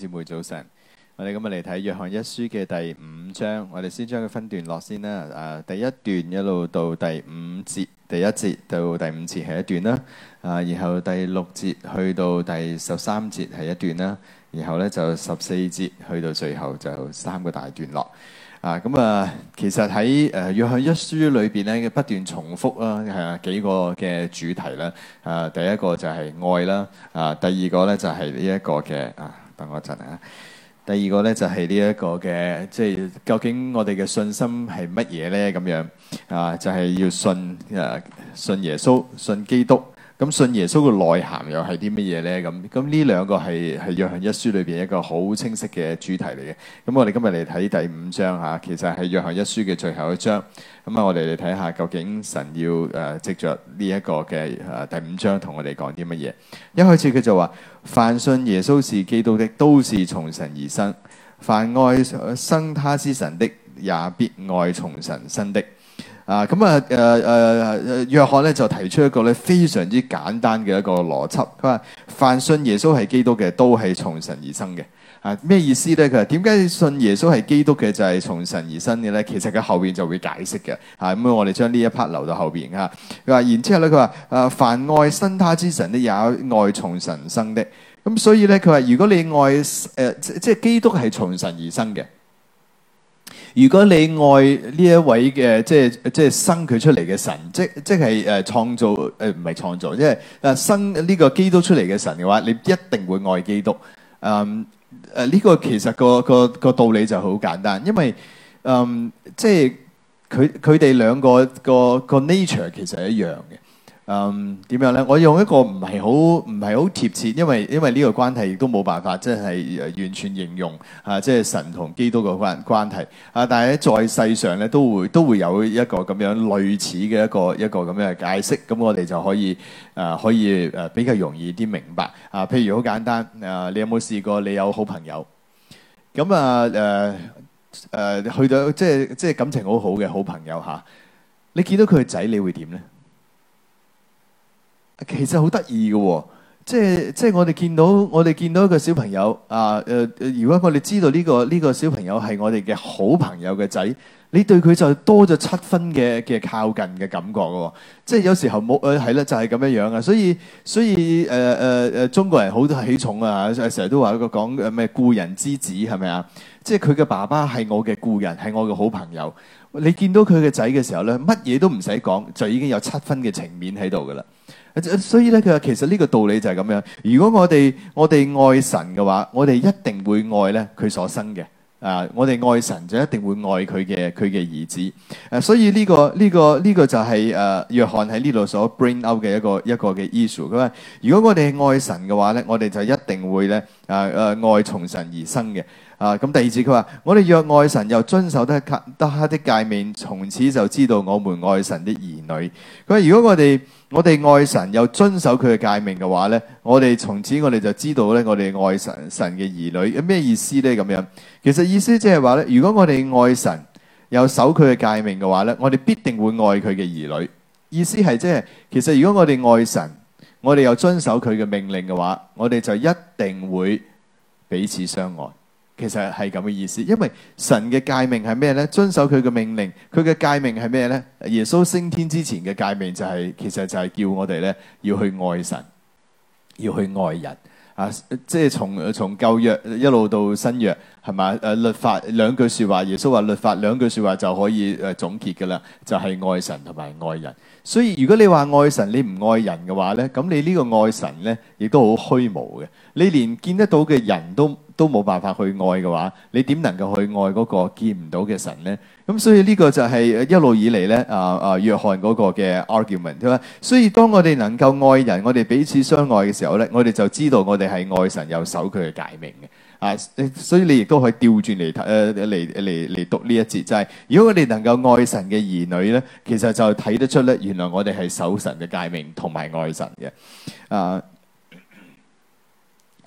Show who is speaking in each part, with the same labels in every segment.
Speaker 1: 姊妹早晨，我哋今日嚟睇約翰一書嘅第五章，我哋先將佢分段落先啦。誒、啊，第一段一路到第五節，第一節到第五節係一段啦。啊，然後第六節去到第十三節係一段啦，然後咧就十四節去到最後就三個大段落。啊，咁啊，其實喺誒約翰一書裏邊咧，不斷重複啦、啊，係啊幾個嘅主題啦。誒、啊，第一個就係愛啦。啊，第二個咧就係呢一個嘅啊。等我一陣啊！第二個呢，就係呢一個嘅，即係究竟我哋嘅信心係乜嘢呢？咁樣啊，就係要信啊，信耶穌，信基督。咁信耶穌嘅內涵又係啲乜嘢呢？咁咁呢兩個係係約翰一書裏邊一個好清晰嘅主題嚟嘅。咁我哋今日嚟睇第五章吓、啊，其實係約翰一書嘅最後一章。咁啊，我哋嚟睇下究竟神要誒藉、呃、着呢一個嘅誒、啊、第五章同我哋講啲乜嘢。一開始佢就話： 凡信耶穌是基督的，都是從神而生；凡愛生他之神的，也必愛從神生的。啊咁啊，誒誒誒，約翰咧就提出一個咧非常之簡單嘅一個邏輯，佢話：凡信耶穌係基督嘅，都係從神而生嘅。啊，咩意思咧？佢話：點解信耶穌係基督嘅就係、是、從神而生嘅咧？其實佢後邊就會解釋嘅。啊，咁我哋將呢一 part 留到後邊嚇。佢話：然之後咧，佢話：誒，凡愛生他之神的，也愛從神生的。咁、啊、所以咧，佢話：如果你愛誒、呃、即係基督係從神而生嘅。如果你愛呢一位嘅即係即係生佢出嚟嘅神，即即係誒、呃、創造誒唔係創造，即係誒、呃、生呢個基督出嚟嘅神嘅話，你一定會愛基督。嗯誒，呢、這個其實個個個道理就好簡單，因為嗯即係佢佢哋兩個個個個 nature 其實係一樣嘅。嗯，點樣咧？我用一個唔係好唔係好貼切，因為因為呢個關係亦都冇辦法，即係完全形容啊！即係神同基督嘅關關係啊！但係喺在世上咧，都會都會有一個咁樣類似嘅一個一個咁樣嘅解釋，咁我哋就可以啊，可以誒比較容易啲明白啊！譬如好簡單啊，你有冇試過你有好朋友咁啊？誒、啊、誒，去到即係即係感情好好嘅好朋友吓、啊，你見到佢嘅仔你會點咧？其實好得意嘅，即係即係我哋見到我哋見到一個小朋友啊，誒、呃、如果我哋知道呢個呢個小朋友係我哋嘅好朋友嘅仔，你對佢就多咗七分嘅嘅靠近嘅感覺嘅、啊，即係有時候冇誒係啦，就係咁樣樣啊。所以所以誒誒誒，中國人好多喜重啊，成日都話一個講咩故人之子係咪啊？即係佢嘅爸爸係我嘅故人，係我嘅好朋友。你見到佢嘅仔嘅時候呢，乜嘢都唔使講，就已經有七分嘅情面喺度噶啦。所以咧，佢話其實呢個道理就係咁樣。如果我哋我哋愛神嘅話，我哋一定會愛咧佢所生嘅。啊，我哋愛神就一定會愛佢嘅佢嘅兒子。誒、啊，所以呢、呢個呢、呢個呢、呢個就係、是、誒、啊、約翰喺呢度所 bring out 嘅一個一個嘅 issue。佢話如果我哋愛神嘅話咧，我哋就一定會咧誒誒愛從神而生嘅。啊！咁第二次佢話：我哋若愛神又遵守得得啲誡命，從此就知道我們愛神的兒女。佢話：如果我哋我哋愛神又遵守佢嘅誡命嘅話呢，我哋從此我哋就知道咧，我哋愛神神嘅兒女有咩意思呢？咁樣，其實意思即係話呢，如果我哋愛神又守佢嘅誡命嘅話呢，我哋必定會愛佢嘅兒女。意思係即係，其實如果我哋愛神，我哋又遵守佢嘅命令嘅話，我哋就一定會彼此相愛。其實係咁嘅意思，因為神嘅誡命係咩呢？遵守佢嘅命令，佢嘅誡命係咩呢？耶穌升天之前嘅誡命就係、是，其實就係叫我哋呢，要去愛神，要去愛人啊！即係從從舊約一路到新約，係咪？誒律法兩句說話，耶穌話律法兩句說話就可以誒總結噶啦，就係、是、愛神同埋愛人。所以如果你話愛神你唔愛人嘅話呢，咁你呢個愛神呢，亦都好虛無嘅，你連見得到嘅人都。都冇辦法去愛嘅話，你點能夠去愛嗰個見唔到嘅神咧？咁所以呢個就係一路以嚟咧，啊啊約翰嗰個嘅 argument，咁啊。所以當我哋能夠愛人，我哋彼此相愛嘅時候咧，我哋就知道我哋係愛神又守佢嘅誡命嘅啊。所以你亦都可以調轉嚟睇誒嚟嚟嚟讀呢一節，就係如果我哋能夠愛神嘅兒女咧，其實就睇得出咧，原來我哋係守神嘅誡命同埋愛神嘅啊。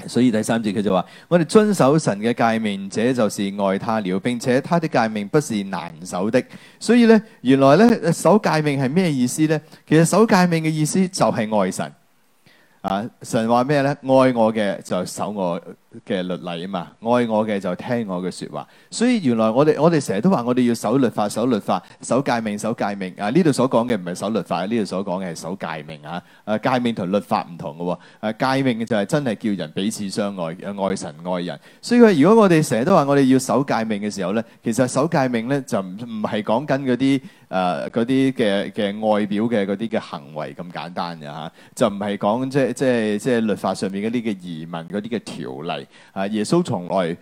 Speaker 1: 所以第三節佢就話：我哋遵守神嘅誡命，這就是愛他了，並且他的誡命不是難守的。所以呢，原來呢守誡命係咩意思呢？其實守誡命嘅意思就係愛神。啊，神話咩呢？愛我嘅就守我嘅律例啊嘛，愛我嘅就聽我嘅説話，所以原來我哋，我哋成日都話我哋要守律法、守律法、守誡命、守誡命啊！呢度所講嘅唔係守律法，呢度所講嘅係守誡命啊！啊，誡命同律法唔同嘅喎，啊，誡命就係真係叫人彼此相愛啊，愛神愛人，所以如果我哋成日都話我哋要守誡命嘅時候咧，其實守誡命咧就唔係講緊嗰啲誒、嗰啲嘅嘅外表嘅嗰啲嘅行為咁簡單嘅嚇，就唔係講即即即律法上面嗰啲嘅儀文嗰啲嘅條例。穌從呃、固固啊！耶穌從來誒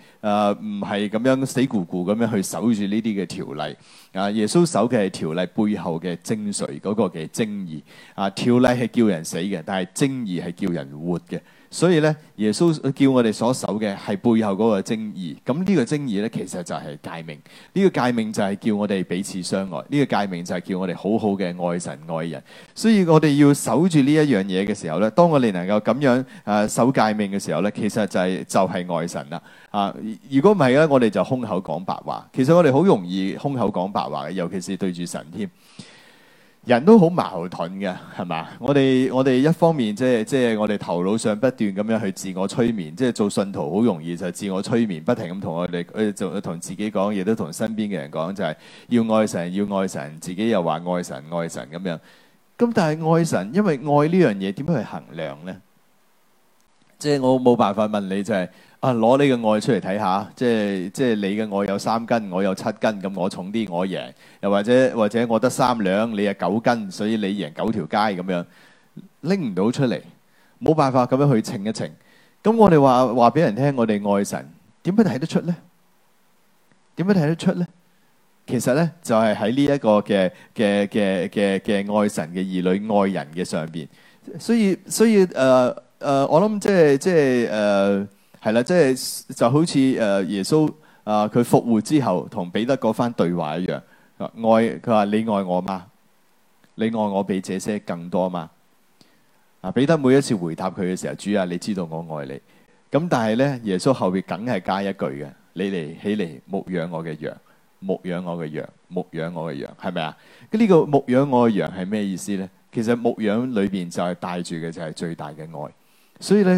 Speaker 1: 唔係咁樣死咕咕咁樣去守住呢啲嘅條例、那個、啊！耶穌守嘅係條例背後嘅精髓嗰個嘅精義啊！條例係叫人死嘅，但係精義係叫人活嘅。所以咧，耶穌叫我哋所守嘅係背後嗰個精義。咁呢個精義咧，其實就係誡命。呢、這個誡命就係叫我哋彼此相愛。呢、這個誡命就係叫我哋好好嘅愛神愛人。所以我哋要守住呢一樣嘢嘅時候咧，當我哋能夠咁樣誒、呃、守誡命嘅時候咧，其實就係、是、就係、是、愛神啦。啊，如果唔係咧，我哋就空口講白話。其實我哋好容易空口講白話嘅，尤其是對住神添。人都好矛盾嘅，係嘛？我哋我哋一方面即係即係我哋頭腦上不斷咁樣去自我催眠，即係做信徒好容易就自我催眠，不停咁同我哋，佢呃同自己講，亦都同身邊嘅人講，就係要愛神，要愛神，自己又話愛神，愛神咁樣。咁但係愛神，因為愛呢樣嘢點樣去衡量呢？即係我冇辦法問你就係。啊！攞你個愛出嚟睇下，即係即係你嘅愛有三斤，我有七斤，咁我重啲，我贏。又或者或者我得三兩，你係九斤，所以你贏九條街。咁樣拎唔到出嚟，冇辦法咁樣去稱一稱。咁我哋話話俾人聽，我哋愛神點樣睇得出咧？點樣睇得出咧？其實咧就係喺呢一個嘅嘅嘅嘅嘅愛神嘅兒女愛人嘅上邊。所以所以誒誒、呃呃，我諗即係即係誒。呃係啦，即係、就是、就好似誒耶穌啊，佢復活之後同彼得嗰番對話一樣，愛佢話你愛我嘛？你愛我比這些更多嘛？啊，彼得每一次回答佢嘅時候，主啊，你知道我愛你。咁但係呢，耶穌後邊梗係加一句嘅，你嚟，起嚟牧養我嘅羊，牧養我嘅羊，牧養我嘅羊，係咪啊？咁呢個牧養我嘅羊係咩意思呢？其實牧養裏邊就係帶住嘅就係最大嘅愛。所以咧，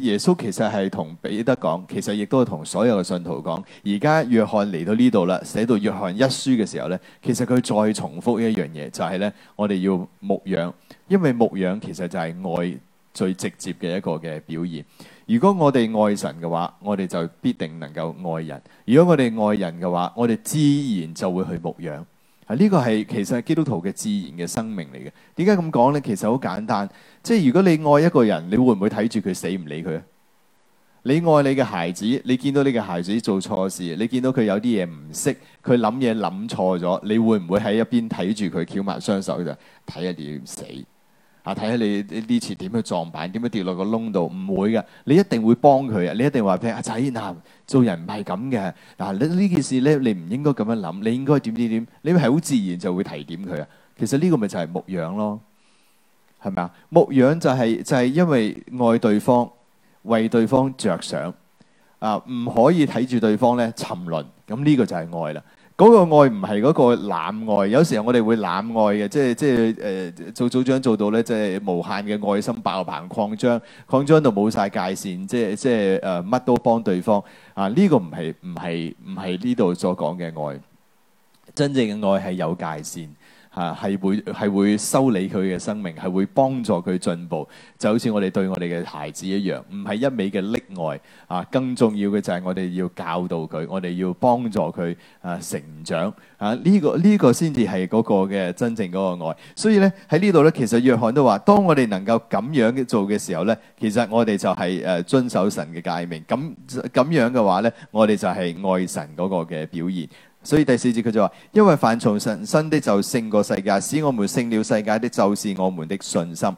Speaker 1: 耶穌其實係同彼得講，其實亦都同所有嘅信徒講。而家約翰嚟到呢度啦，寫到約翰一書嘅時候呢，其實佢再重複一樣嘢，就係呢：「我哋要牧養，因為牧養其實就係愛最直接嘅一個嘅表現。如果我哋愛神嘅話，我哋就必定能夠愛人；如果我哋愛人嘅話，我哋自然就會去牧養。啊，呢個係其實係基督徒嘅自然嘅生命嚟嘅。點解咁講呢？其實好簡單。即係如果你愛一個人，你會唔會睇住佢死唔理佢？你愛你嘅孩子，你見到你嘅孩子做錯事，你見到佢有啲嘢唔識，佢諗嘢諗錯咗，你會唔會喺一邊睇住佢翹埋雙手就睇下點死？啊，睇下你呢次點樣撞板，點樣跌落個窿度？唔會㗎，你一定會幫佢啊！你一定話俾阿仔，嗱，做人唔係咁嘅嗱，呢、啊、呢件事咧你唔應該咁樣諗，你應該點點點，你係好自然就會提點佢啊。其實呢個咪就係牧養咯。係咪啊？牧養就係、是、就係、是、因為愛對方，為對方着想啊！唔可以睇住對方咧沉淪，咁呢個就係愛啦。嗰、那個愛唔係嗰個濫愛，有時候我哋會濫愛嘅，即係即係誒、呃、做組長做到咧，即係無限嘅愛心爆棚擴張，擴張到冇晒界線，即係即係誒乜都幫對方啊！呢、這個唔係唔係唔係呢度所講嘅愛，真正嘅愛係有界線。啊，係會係會修理佢嘅生命，係會幫助佢進步，就好似我哋對我哋嘅孩子一樣，唔係一味嘅溺愛。啊，更重要嘅就係我哋要教導佢，我哋要幫助佢啊成長。啊，呢個呢個先至係嗰個嘅真正嗰個愛。所以呢喺呢度呢，其實約翰都話，當我哋能夠咁樣做嘅時候呢，其實我哋就係誒遵守神嘅誡命。咁咁樣嘅話呢，我哋就係愛神嗰個嘅表現。所以第四節佢就話：因為凡從神生的就勝過世界，使我們勝了世界的就是我們的信心。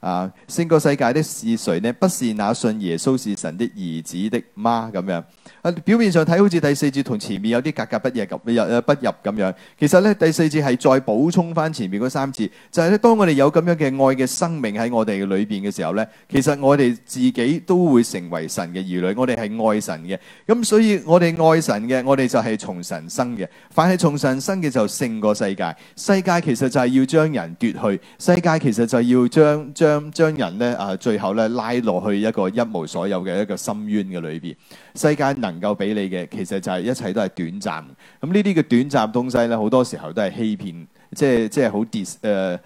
Speaker 1: 啊，勝過世界的是誰呢？不是那信耶穌是神的兒子的嗎？咁樣。啊，表面上睇好似第四節同前面有啲格格不入，能夠俾你嘅，其實就係一切都係短暫。咁呢啲嘅短暫東西咧，好多時候都係欺騙，即係即係好 dis 誒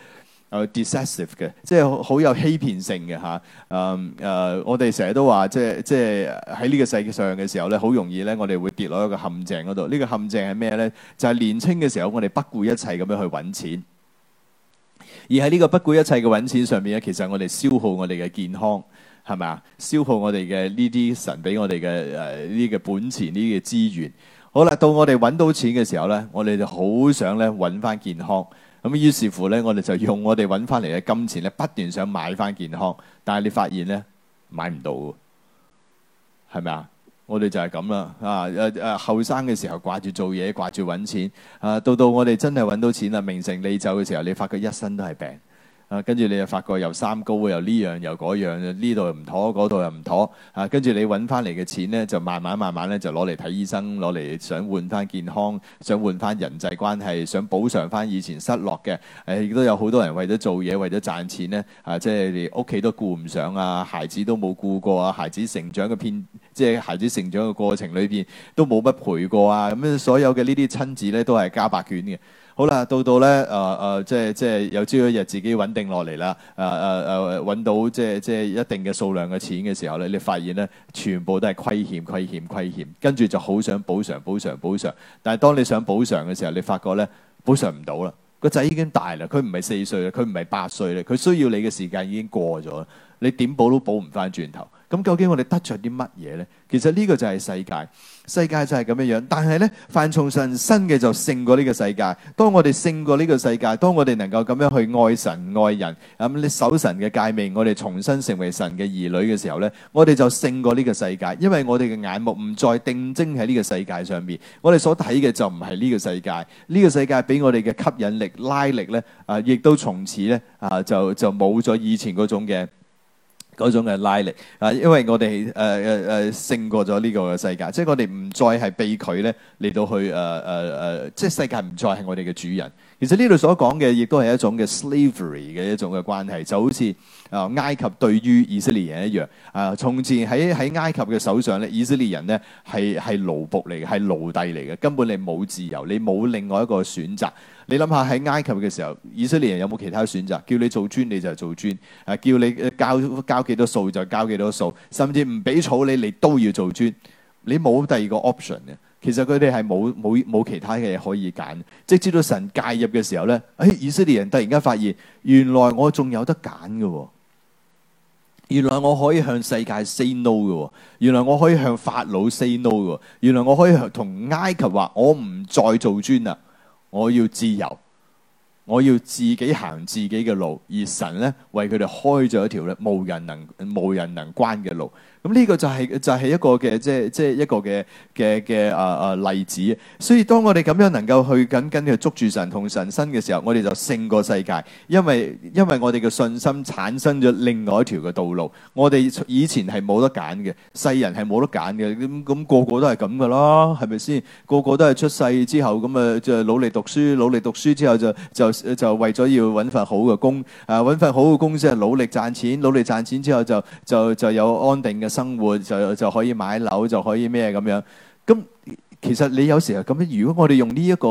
Speaker 1: 誒 deceptive 嘅，即係好有欺騙性嘅吓。誒、啊、誒，uh, 我哋成日都話，即係即係喺呢個世界上嘅時候咧，好容易咧，我哋會跌落一個陷阱嗰度。呢、呢個陷阱係咩咧？就係、係、年輕嘅時候，我哋不顧一切咁樣去搵錢。而喺呢個不顧一切嘅搵錢上面咧，其實我哋消耗我哋嘅健康。係咪啊？消耗我哋嘅呢啲神俾我哋嘅，誒呢嘅本錢，呢啲嘅資源。好啦，到我哋揾到錢嘅時候呢，我哋就好想咧揾翻健康。咁、嗯、於是乎呢，我哋就用我哋揾翻嚟嘅金錢咧，不斷想買翻健康。但係你發現呢，買唔到嘅，係咪啊？我哋就係咁啦。啊誒誒，後生嘅時候掛住做嘢，掛住揾錢。啊，到到我哋真係揾到錢啦，名成利就嘅時候，你發覺一身都係病。啊，跟住你又發覺又三高，又呢樣又嗰樣，呢度又唔妥，嗰度又唔妥。啊，跟住你揾翻嚟嘅錢呢，就慢慢慢慢咧，就攞嚟睇醫生，攞嚟想換翻健康，想換翻人際關係，想補償翻以前失落嘅。誒、啊，亦都有好多人為咗做嘢，為咗賺錢呢，啊，即係你屋企都顧唔上啊，孩子都冇顧過啊，孩子成長嘅片，即係孩子成長嘅過程裏邊都冇乜陪過啊。咁、啊、樣所有嘅呢啲親子呢，都係加白卷嘅。好啦，到到咧，誒、呃、誒、呃，即係即係有朝一日自己穩定落嚟啦，誒誒誒，揾、呃、到即係即係一定嘅數量嘅錢嘅時候咧，你發現咧，全部都係虧欠、虧欠、虧欠，跟住就好想補償、補償、補償。但係當你想補償嘅時候，你發覺咧，補償唔到啦。個仔已經大啦，佢唔係四歲啦，佢唔係八歲啦，佢需要你嘅時間已經過咗啦，你點補都補唔翻轉頭。咁究竟我哋得著啲乜嘢咧？其實呢個就係世界，世界就係咁樣樣。但係咧，凡從神生嘅就勝過呢個世界。當我哋勝過呢個世界，當我哋能夠咁樣去愛神愛人，咁你守神嘅誡命，我哋重新成為神嘅兒女嘅時候咧，我哋就勝過呢個世界，因為我哋嘅眼目唔再定睛喺呢個世界上面，我哋所睇嘅就唔係呢個世界，呢個世界俾我哋嘅吸引力拉力咧，啊，亦都從此咧啊就就冇咗以前嗰種嘅。嗰種嘅拉力啊，因為我哋誒誒誒勝過咗呢個世界，即係我哋唔再係被佢咧嚟到去誒誒誒，即係世界唔再係我哋嘅主人。其實呢度所講嘅亦都係一種嘅 slavery 嘅一種嘅關係，就好似啊、呃、埃及對於以色列人一樣啊、呃。從前喺喺埃及嘅手上咧，以色列人咧係係奴僕嚟嘅，係奴隸嚟嘅，根本你冇自由，你冇另外一個選擇。你諗下喺埃及嘅時候，以色列人有冇其他選擇？叫你做磚你就做磚，啊叫你交交幾多數就交幾多數，甚至唔俾草你你都要做磚。你冇第二個 option 嘅，其實佢哋係冇冇冇其他嘅嘢，可以揀。直至到神介入嘅時候咧，誒、哎、以色列人突然間發現，原來我仲有得揀嘅，原來我可以向世界 say no 嘅，原來我可以向法老 say no 嘅，原來我可以同埃及話我唔再做磚啦。我要自由，我要自己行自己嘅路，而神呢，為佢哋開咗一條咧，無人能無人能關嘅路。咁呢、嗯這個就係、是、就係、是、一個嘅即係即係一個嘅嘅嘅誒誒例子。所以當我哋咁樣能夠去緊緊去捉住神同神身嘅時候，我哋就勝過世界，因為因為我哋嘅信心產生咗另外一條嘅道路。我哋以前係冇得揀嘅，世人係冇得揀嘅。咁咁個個都係咁嘅咯，係咪先？個個都係出世之後咁啊、嗯，就努力讀書努力讀書之後就就就，就為咗要揾份好嘅工，啊揾份好嘅工先係、就是、努力賺錢努力賺錢之後就就就，就有安定嘅。生活就就可以買樓就可以咩咁樣？咁其實你有時候咁樣。如果我哋用呢一個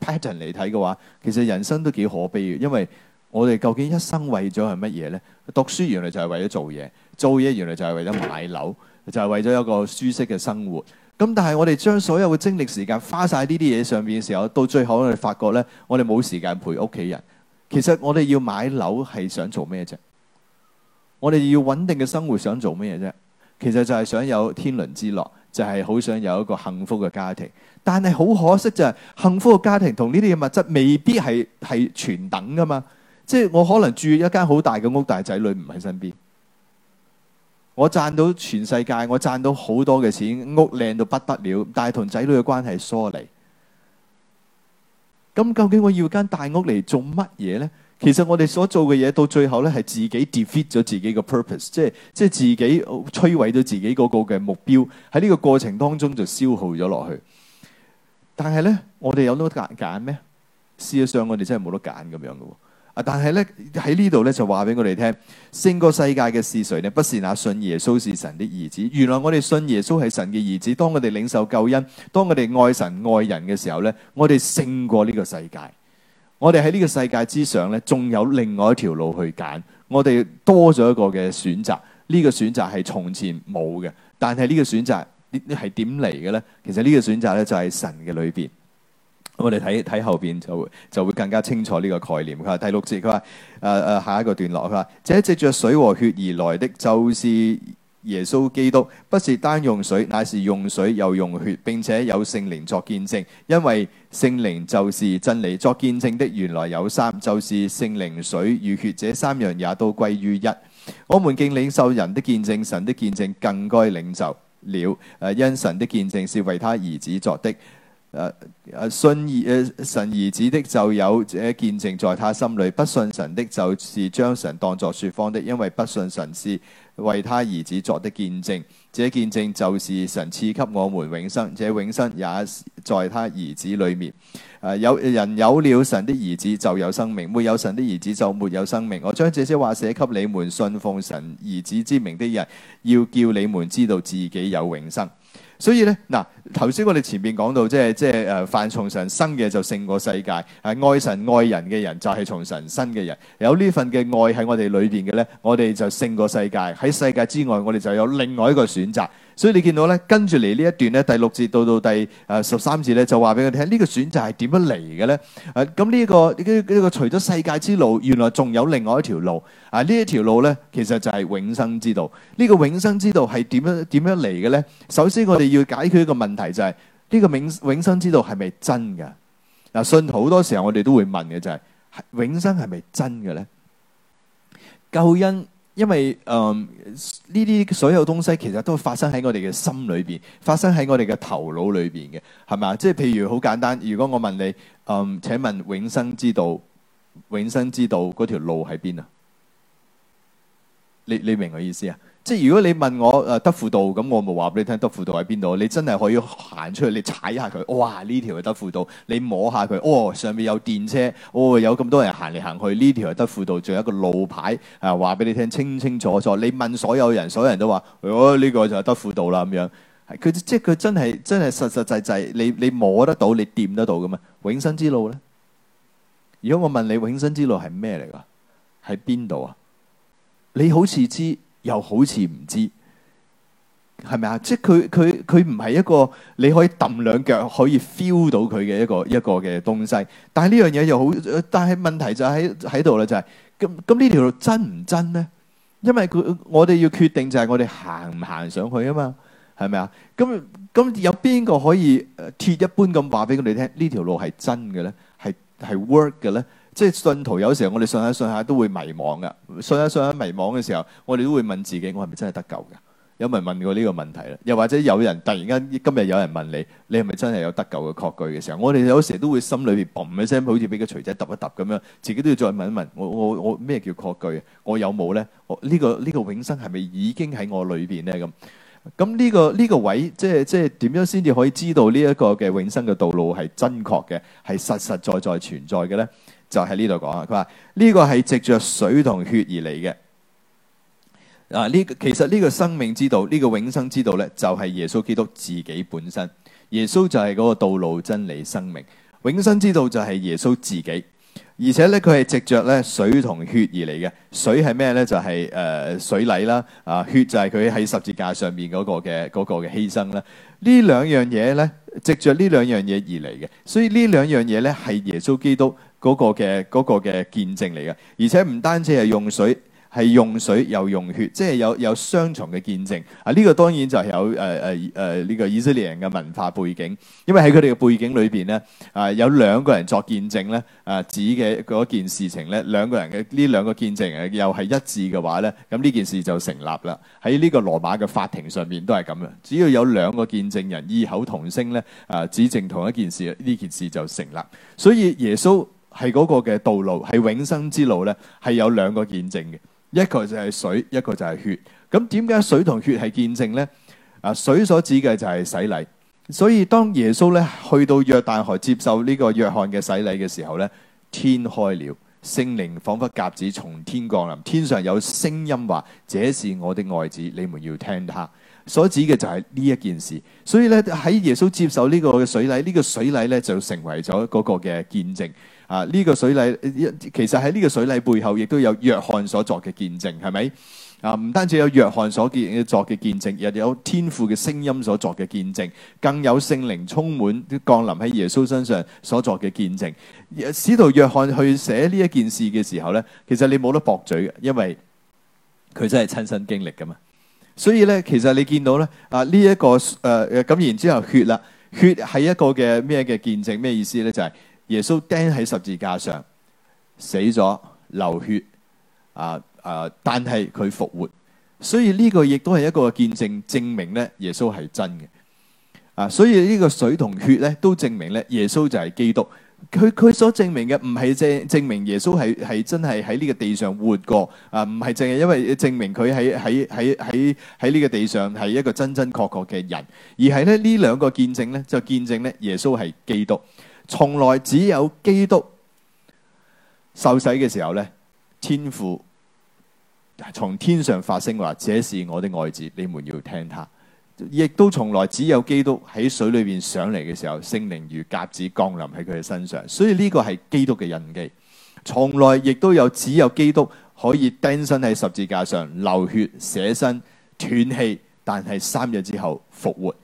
Speaker 1: pattern 嚟睇嘅話，其實人生都幾可悲嘅。因為我哋究竟一生為咗係乜嘢呢？讀書原嚟就係為咗做嘢，做嘢原嚟就係為咗買樓，就係為咗有一個舒適嘅生活。咁但係我哋將所有嘅精力時間花晒呢啲嘢上面嘅時候，到最後我哋發覺呢，我哋冇時間陪屋企人。其實我哋要買樓係想做咩啫？我哋要穩定嘅生活想做咩啫？其實就係想有天倫之樂，就係、是、好想有一個幸福嘅家庭。但係好可惜就係，幸福嘅家庭同呢啲嘅物質未必係係全等噶嘛。即係我可能住一間好大嘅屋，但係仔女唔喺身邊。我賺到全世界，我賺到好多嘅錢，屋靚到不得了，但係同仔女嘅關係疏離。咁究竟我要間大屋嚟做乜嘢呢？其實我哋所做嘅嘢，到最後呢，係自己 defeat 咗自己嘅 purpose，即係即係自己摧毀咗自己嗰個嘅目標。喺呢個過程當中就消耗咗落去。但係呢，我哋有得揀咩？事實上，我哋真係冇得揀咁樣嘅。啊，但係呢，喺呢度呢，就話俾我哋聽，勝過世界嘅是誰呢？不是那信耶穌是神的兒子。原來我哋信耶穌係神嘅兒子。當我哋領受救恩，當我哋愛神愛人嘅時候呢，我哋勝過呢個世界。我哋喺呢個世界之上呢，仲有另外一條路去揀，我哋多咗一個嘅選擇。呢個選擇係從前冇嘅，但係呢個選擇呢，呢係點嚟嘅呢？其實呢個選擇呢，就係神嘅裏邊。我哋睇睇後邊就會就會更加清楚呢個概念。佢話第六節，佢話誒誒，下一個段落，佢話這藉著水和血而來的就是，耶穌基督不是單用水，乃是用水又用血，並且有聖靈作見證，因為聖靈就是真理作見證的。原來有三，就是聖靈、水與血，這三樣也都歸於一。我們既領受人的見證、神的見證，更該領受了。誒，因神的見證是為他兒子作的。信誒神兒子的就有這見證在他心裏，不信神的，就是將神當作說謊的，因為不信神是。為他兒子作的見證，這見證就是神賜給我們永生，這永生也在他兒子裏面。啊、呃，有人有了神的兒子就有生命，沒有神的兒子就沒有生命。我將這些話寫給你們，信奉神兒子之名的人，要叫你們知道自己有永生。所以咧，嗱，頭先我哋前邊講到，即係即係誒，凡從神生嘅就勝過世界，愛神愛人嘅人就係從神生嘅人。有呢份嘅愛喺我哋裏邊嘅咧，我哋就勝過世界。喺世界之外，我哋就有另外一個選擇。所以你見到咧，跟住嚟呢一段咧，第六節到到第誒十三節咧，就話俾佢哋聽呢個選擇係點樣嚟嘅咧？誒、啊，咁呢一個呢、呢個呢個除咗世界之路，原來仲有另外一條路啊！呢一條路咧，其實就係永生之道。呢、呢個永生之道係點樣點樣嚟嘅咧？首先我哋要解決一個問題，就是，就係呢個永永生之道係咪真嘅？嗱、啊，信徒好多時候我哋都會問嘅就係、是、永生係咪真嘅咧？救恩。因為嗯呢啲所有東西其實都發生喺我哋嘅心裏邊，發生喺我哋嘅頭腦裏邊嘅，係咪？即係譬如好簡單，如果我問你，嗯、呃，請問永生之道，永生之道嗰條路喺邊啊？你你明我意思啊？即係如果你問我誒、啊、德輔道，咁我冇話俾你聽德輔道喺邊度。你真係可以行出去，你踩下佢，哇！呢條係德輔道，你摸下佢，哦，上面有電車，哦，有咁多人行嚟行去，呢條係德輔道，仲有一個路牌啊，話俾你聽清清楚楚。你問所有人，所有人都話：哦，呢、這個就係德輔道啦。咁樣佢即係佢真係真係實實際際，你你摸得到，你掂得到噶嘛？永生之路咧？如果我問你永生之路係咩嚟噶？喺邊度啊？你好似知？又好似唔知，係咪啊？即係佢佢佢唔係一個你可以揼兩腳可以 feel 到佢嘅一個一個嘅東西。但係呢樣嘢又好，但係問題就喺喺度啦，就係咁咁呢條路真唔真咧？因為佢我哋要決定就係我哋行唔行上去啊嘛，係咪啊？咁咁有邊個可以鐵一般咁話俾佢哋聽呢條路係真嘅咧，係係 work 嘅咧？即係信徒有時候，我哋上一上下，下都會迷惘噶。上一上、下迷惘嘅時候，我哋都會問自己：我係咪真係得救嘅？有冇人問過呢個問題咧？又或者有人突然間今日有人問你：你係咪真係有得救嘅確據嘅時候，我哋有時都會心裏邊嘣一聲，好似俾個錘仔揼一揼咁樣，自己都要再問一問我我我咩叫確據？我有冇咧？呢、呢個呢、呢個永生係咪已經喺我裏邊咧？咁咁呢個呢、呢個位，即係即係點樣先至可以知道呢一個嘅永生嘅道路係真確嘅，係實實在在，在存在嘅咧？就喺呢度講啊，佢話呢個係藉着水同血而嚟嘅嗱。呢、啊，這個、其實呢個生命之道，呢、這個永生之道呢，就係、是、耶穌基督自己本身。耶穌就係嗰個道路、真理、生命。永生之道就係耶穌自己，而且呢，佢係藉着呢水同血而嚟嘅。水係咩呢？就係、是、誒、呃、水禮啦啊，血就係佢喺十字架上面嗰個嘅嗰、那個嘅犧牲啦。呢兩樣嘢呢，藉着呢兩樣嘢而嚟嘅，所以呢兩樣嘢呢，係耶穌基督嗰個嘅嗰嘅見證嚟嘅，而且唔單止係用水，係用水又用血，即係有有雙重嘅見證。啊，呢個當然就係有誒誒誒呢個以色列人嘅文化背景，因為喺佢哋嘅背景裏邊呢，啊有兩個人作見證呢，啊指嘅嗰件事情呢，兩個人嘅呢兩個見證又係一致嘅話呢，咁呢件事就成立啦。喺呢個羅馬嘅法庭上面都係咁嘅，只要有兩個見證人異口同聲呢，啊指證同一件事，呢件事就成立。所以耶穌係嗰個嘅道路，係永生之路呢。係有兩個見證嘅，一個就係水，一個就係血。咁點解水同血係見證呢？啊，水所指嘅就係洗禮。所以當耶穌咧去到約旦河接受呢個約翰嘅洗禮嘅時候呢，天開了，聖靈彷彿鴿子從天降臨，天上有聲音話：這是我的愛子，你們要聽他。所指嘅就係呢一件事，所以呢，喺耶穌接受呢個嘅水禮，呢個水禮呢就成為咗嗰個嘅見證。啊！呢、這個水禮其實喺呢個水禮背後，亦都有約翰所作嘅見證，係咪？啊，唔單止有約翰所見作嘅見證，有有天父嘅聲音所作嘅見證，更有聖靈充滿啲降臨喺耶穌身上所作嘅見證。使徒約翰去寫呢一件事嘅時候咧，其實你冇得駁嘴嘅，因為佢真係親身經歷噶嘛。所以咧，其實你見到咧啊呢一、這個誒咁、啊、然後之後血啦，血係一個嘅咩嘅見證？咩意思咧？就係、是。耶穌釘喺十字架上死咗，流血啊、啊！但係佢復活，所以呢個亦都係一個見證，證明咧耶穌係真嘅啊。所以呢個水同血咧，都證明咧耶穌就係基督。佢佢所證明嘅唔係證證明耶穌係係真係喺呢個地上活過啊，唔係淨係因為證明佢喺喺喺喺喺呢個地上係一個真真確確嘅人，而係咧呢兩個見證咧就見證咧耶穌係基督。從來只有基督受洗嘅時候呢，天父從天上發聲話：這是我的愛子，你們要聽他。亦都從來只有基督喺水裏面上嚟嘅時候，聖靈如鴿子降臨喺佢嘅身上。所以呢個係基督嘅印記。從來亦都有只有基督可以釘身喺十字架上，流血捨身斷氣，但係三日之後復活。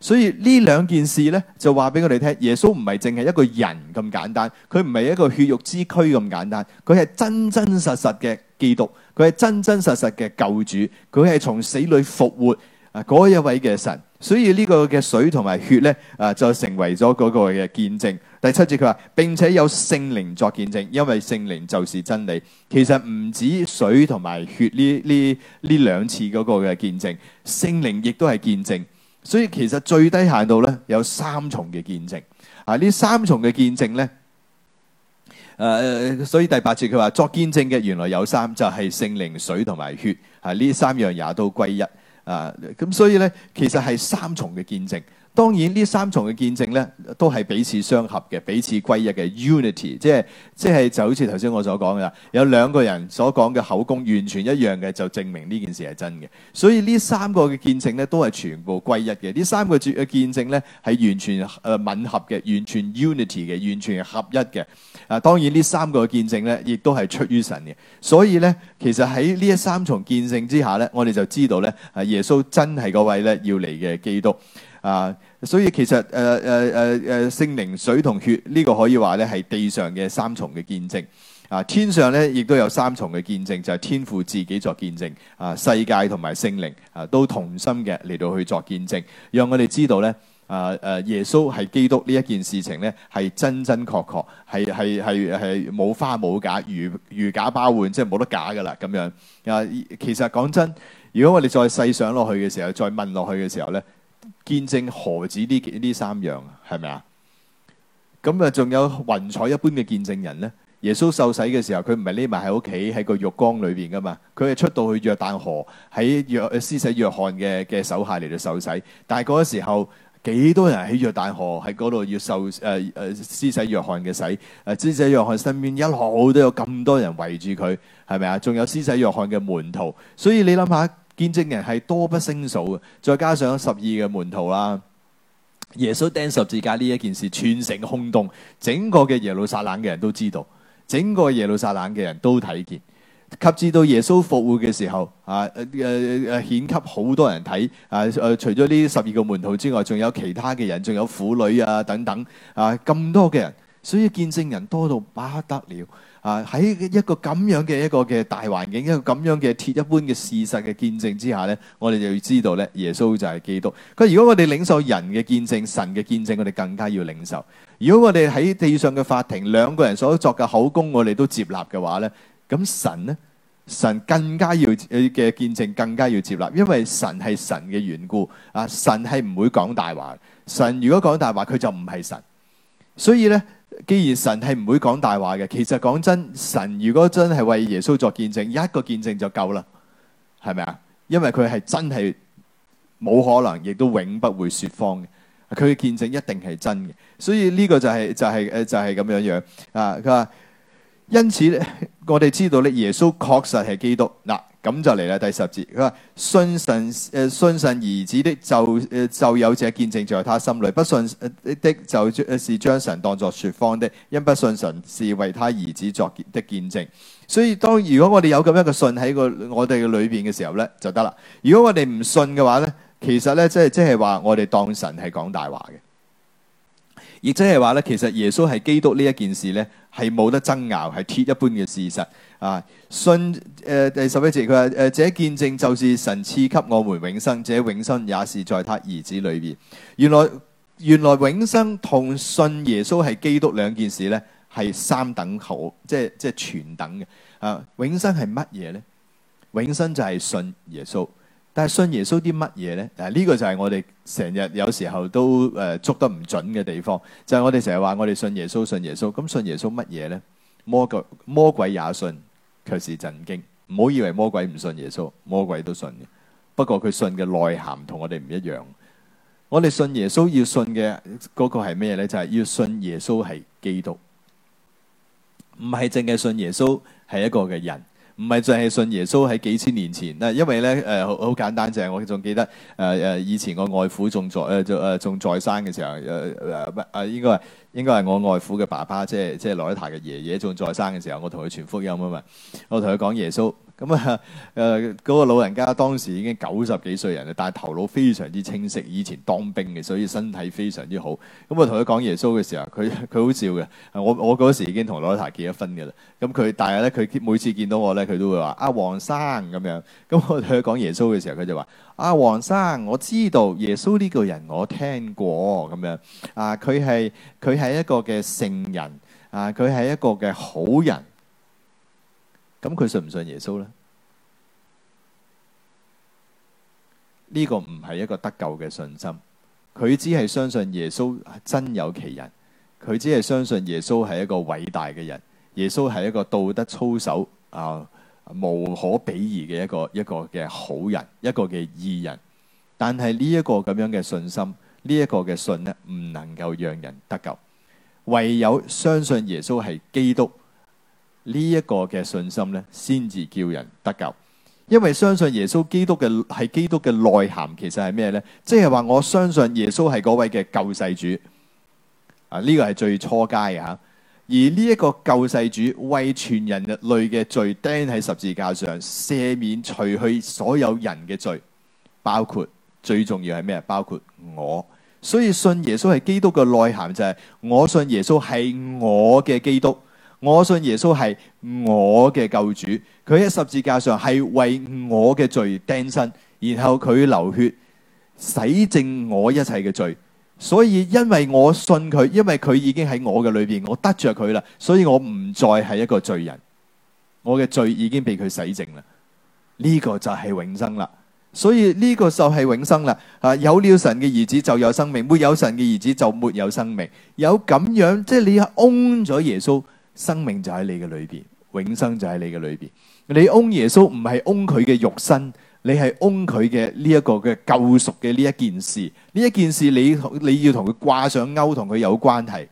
Speaker 1: 所以呢兩件事咧，就話俾我哋聽，耶穌唔係淨係一個人咁簡單，佢唔係一個血肉之軀咁簡單，佢係真真實實嘅基督，佢係真真實實嘅救主，佢係從死裏復活啊嗰一位嘅神。所以個呢個嘅水同埋血咧，啊就成為咗嗰個嘅見證。第七節佢話，並且有聖靈作見證，因為聖靈就是真理。其實唔止水同埋血呢呢呢兩次嗰個嘅見證，聖靈亦都係見證。所以其實最低限度咧，有三重嘅見證，啊呢三重嘅見證咧，誒、呃、所以第八節佢話，作見證嘅原來有三，就係聖靈、水同埋血，啊呢三樣也都歸一，啊咁所以咧其實係三重嘅見證。當然呢三重嘅見證呢都係彼此相合嘅，彼此歸一嘅 unity 即，即係即係就好似頭先我所講嘅啦，有兩個人所講嘅口供完全一樣嘅，就證明呢件事係真嘅。所以呢三個嘅見證呢都係全部歸一嘅。呢三個主嘅見證呢係完全誒吻合嘅，完全 unity 嘅，完全合一嘅。啊，當然呢三個嘅見證呢，亦都係出於神嘅。所以呢，其實喺呢一三重見證之下呢，我哋就知道呢啊耶穌真係嗰位呢要嚟嘅基督啊。所以其實誒誒誒誒聖靈、水同血呢、呢個可以話咧係地上嘅三重嘅見證啊，天上咧亦都有三重嘅見證，就係、係、天父自己作見證啊，世界同埋聖靈啊都同心嘅嚟到去作見證，讓我哋知道咧啊誒、啊、耶穌係基督呢一件事情咧係真真確確係係係係冇花冇假，如如假包換，即係冇得假噶啦。咁樣啊，其實講真，如果我哋再細想落去嘅時候，再問落去嘅時候咧。見證何止呢幾呢三樣啊？係咪啊？咁啊，仲有雲彩一般嘅見證人呢。耶穌受洗嘅時候，佢唔係匿埋喺屋企喺個浴缸裏邊噶嘛，佢係出到去約旦河，喺約施洗約翰嘅嘅手下嚟到受洗。但係嗰個時候，幾多人喺約旦河喺嗰度要受誒誒施洗約翰嘅洗？誒施洗約翰身邊一路都有咁多人圍住佢，係咪啊？仲有施洗約翰嘅門徒，所以你諗下。見證人係多不勝數嘅，再加上十二嘅門徒啦，耶穌釘十字架呢一件事全城轟動，整個嘅耶路撒冷嘅人都知道，整個耶路撒冷嘅人都睇見，及至到耶穌復活嘅時候啊誒誒、啊啊、顯給好多人睇啊誒、啊、除咗呢十二個門徒之外，仲有其他嘅人，仲有婦女啊等等啊咁多嘅人，所以見證人多到不得了。啊！喺一個咁樣嘅一個嘅大環境，一個咁樣嘅鐵一般嘅事實嘅見證之下，呢我哋就要知道，呢耶穌就係基督。佢如果我哋領受人嘅見證、神嘅見證，我哋更加要領受。如果我哋喺地上嘅法庭，兩個人所作嘅口供，我哋都接納嘅話呢，咁神呢，神更加要嘅見證更加要接納，因為神係神嘅緣故啊，神係唔會講大話。神如果講大話，佢就唔係神。所以呢。既然神係唔會講大話嘅，其實講真,神如果真係為耶穌作見證，一個見證就夠啦，係咪啊？因為佢係真係冇可能，亦都永不會說謊嘅，佢嘅見證一定係真嘅。所以呢個就係、是、就係、是、誒就係、是、咁樣樣啊！佢話，因此咧，我哋知道咧，耶穌確實係基督嗱。咁就嚟啦，第十節佢話信神誒，信神兒子、呃、的就誒、呃、就有這見證在他心裏；不信的就誒是將神當作說謊的，因不信神是為他兒子作的見證。所以當如果我哋有咁一個信喺個我哋嘅裏邊嘅時候呢，就得啦。如果我哋唔信嘅話呢，其實呢，即係即係話我哋當神係講大話嘅。亦即係話咧，其實耶穌係基督呢一件事咧，係冇得爭拗，係鐵一般嘅事實。啊，信誒、呃、第十一節佢話誒，這、呃、見證就是神賜給我們永生，這永生也是在他兒子裏邊。原來原來永生同信耶穌係基督兩件事咧，係三等號，即係即係全等嘅。啊，永生係乜嘢咧？永生就係信耶穌。但係信耶穌啲乜嘢呢？啊，呢個就係我哋成日有時候都誒、呃、捉得唔準嘅地方，就係、是、我哋成日話我哋信耶穌，信耶穌。咁信耶穌乜嘢呢？魔鬼魔鬼也信，卻是震驚。唔好以為魔鬼唔信耶穌，魔鬼都信嘅。不過佢信嘅內涵同我哋唔一樣。我哋信耶穌要信嘅嗰、那個係咩呢？就係、是、要信耶穌係基督，唔係淨係信耶穌係一個嘅人。唔係淨係信耶穌喺幾千年前嗱，因為咧誒好簡單就係我仲記得誒誒、呃、以前我外父仲在誒就誒仲在生嘅時候誒誒不啊應該係應該係我外父嘅爸爸即係即係奶奶嘅爺爺仲在生嘅時候，我同佢傳福音啊嘛，我同佢講耶穌。咁啊，誒嗰、 那個老人家當時已經九十幾歲人啦，但係頭腦非常之清晰。以前當兵嘅，所以身體非常之好。咁、嗯、我同佢講耶穌嘅時候，佢佢好笑嘅。我我嗰時已經同羅太結咗婚嘅啦。咁佢但係咧，佢每次見到我咧，佢都會話：阿黃、啊、生咁樣。咁、嗯、我同佢講耶穌嘅時候，佢就話：阿黃、啊、生，我知道耶穌呢個人，我聽過咁樣。啊，佢係佢係一個嘅聖人。啊，佢係一個嘅好人。咁佢信唔信耶穌呢？呢、呢個唔係一個得救嘅信心，佢只係相信耶穌真有其人，佢只係相信耶穌係一個偉大嘅人，耶穌係一個道德操守啊無可比擬嘅一個一個嘅好人，一個嘅義人。但係呢一個咁樣嘅信心，呢個、信呢一個嘅信咧，唔能夠讓人得救。唯有相信耶穌係基督，呢一個嘅信心咧，先至叫人得救，因為相信耶穌基督嘅係基督嘅內涵，其實係咩呢？即係話我相信耶穌係嗰位嘅救世主啊！呢個係最初階啊！而呢一個救世主為全人類嘅罪釘喺十字架上，赦免除去所有人嘅罪，包括最重要係咩？包括我，所以信耶穌係基督嘅內涵就係我信耶穌係我嘅基督。我信耶穌，係我嘅救主，佢喺十字架上係為我嘅罪釘身，然後佢流血洗淨我一切嘅罪。所以因為我信佢，因為佢已經喺我嘅裏邊，我得著佢啦，所以我唔再係一個罪人，我嘅罪已經被佢洗淨啦。呢個就係永生啦。所以呢個就係永生啦。啊，有了神嘅兒子就有生命，沒有神嘅兒子就沒有生命。有咁樣，即係你嗡咗耶穌。生命就喺你嘅裏邊，永生就喺你嘅裏邊。你嗡耶穌唔係嗡佢嘅肉身，你係嗡佢嘅呢一個嘅、這個、救贖嘅呢一件事。呢一件事你你要同佢掛上鈎，同佢有關係，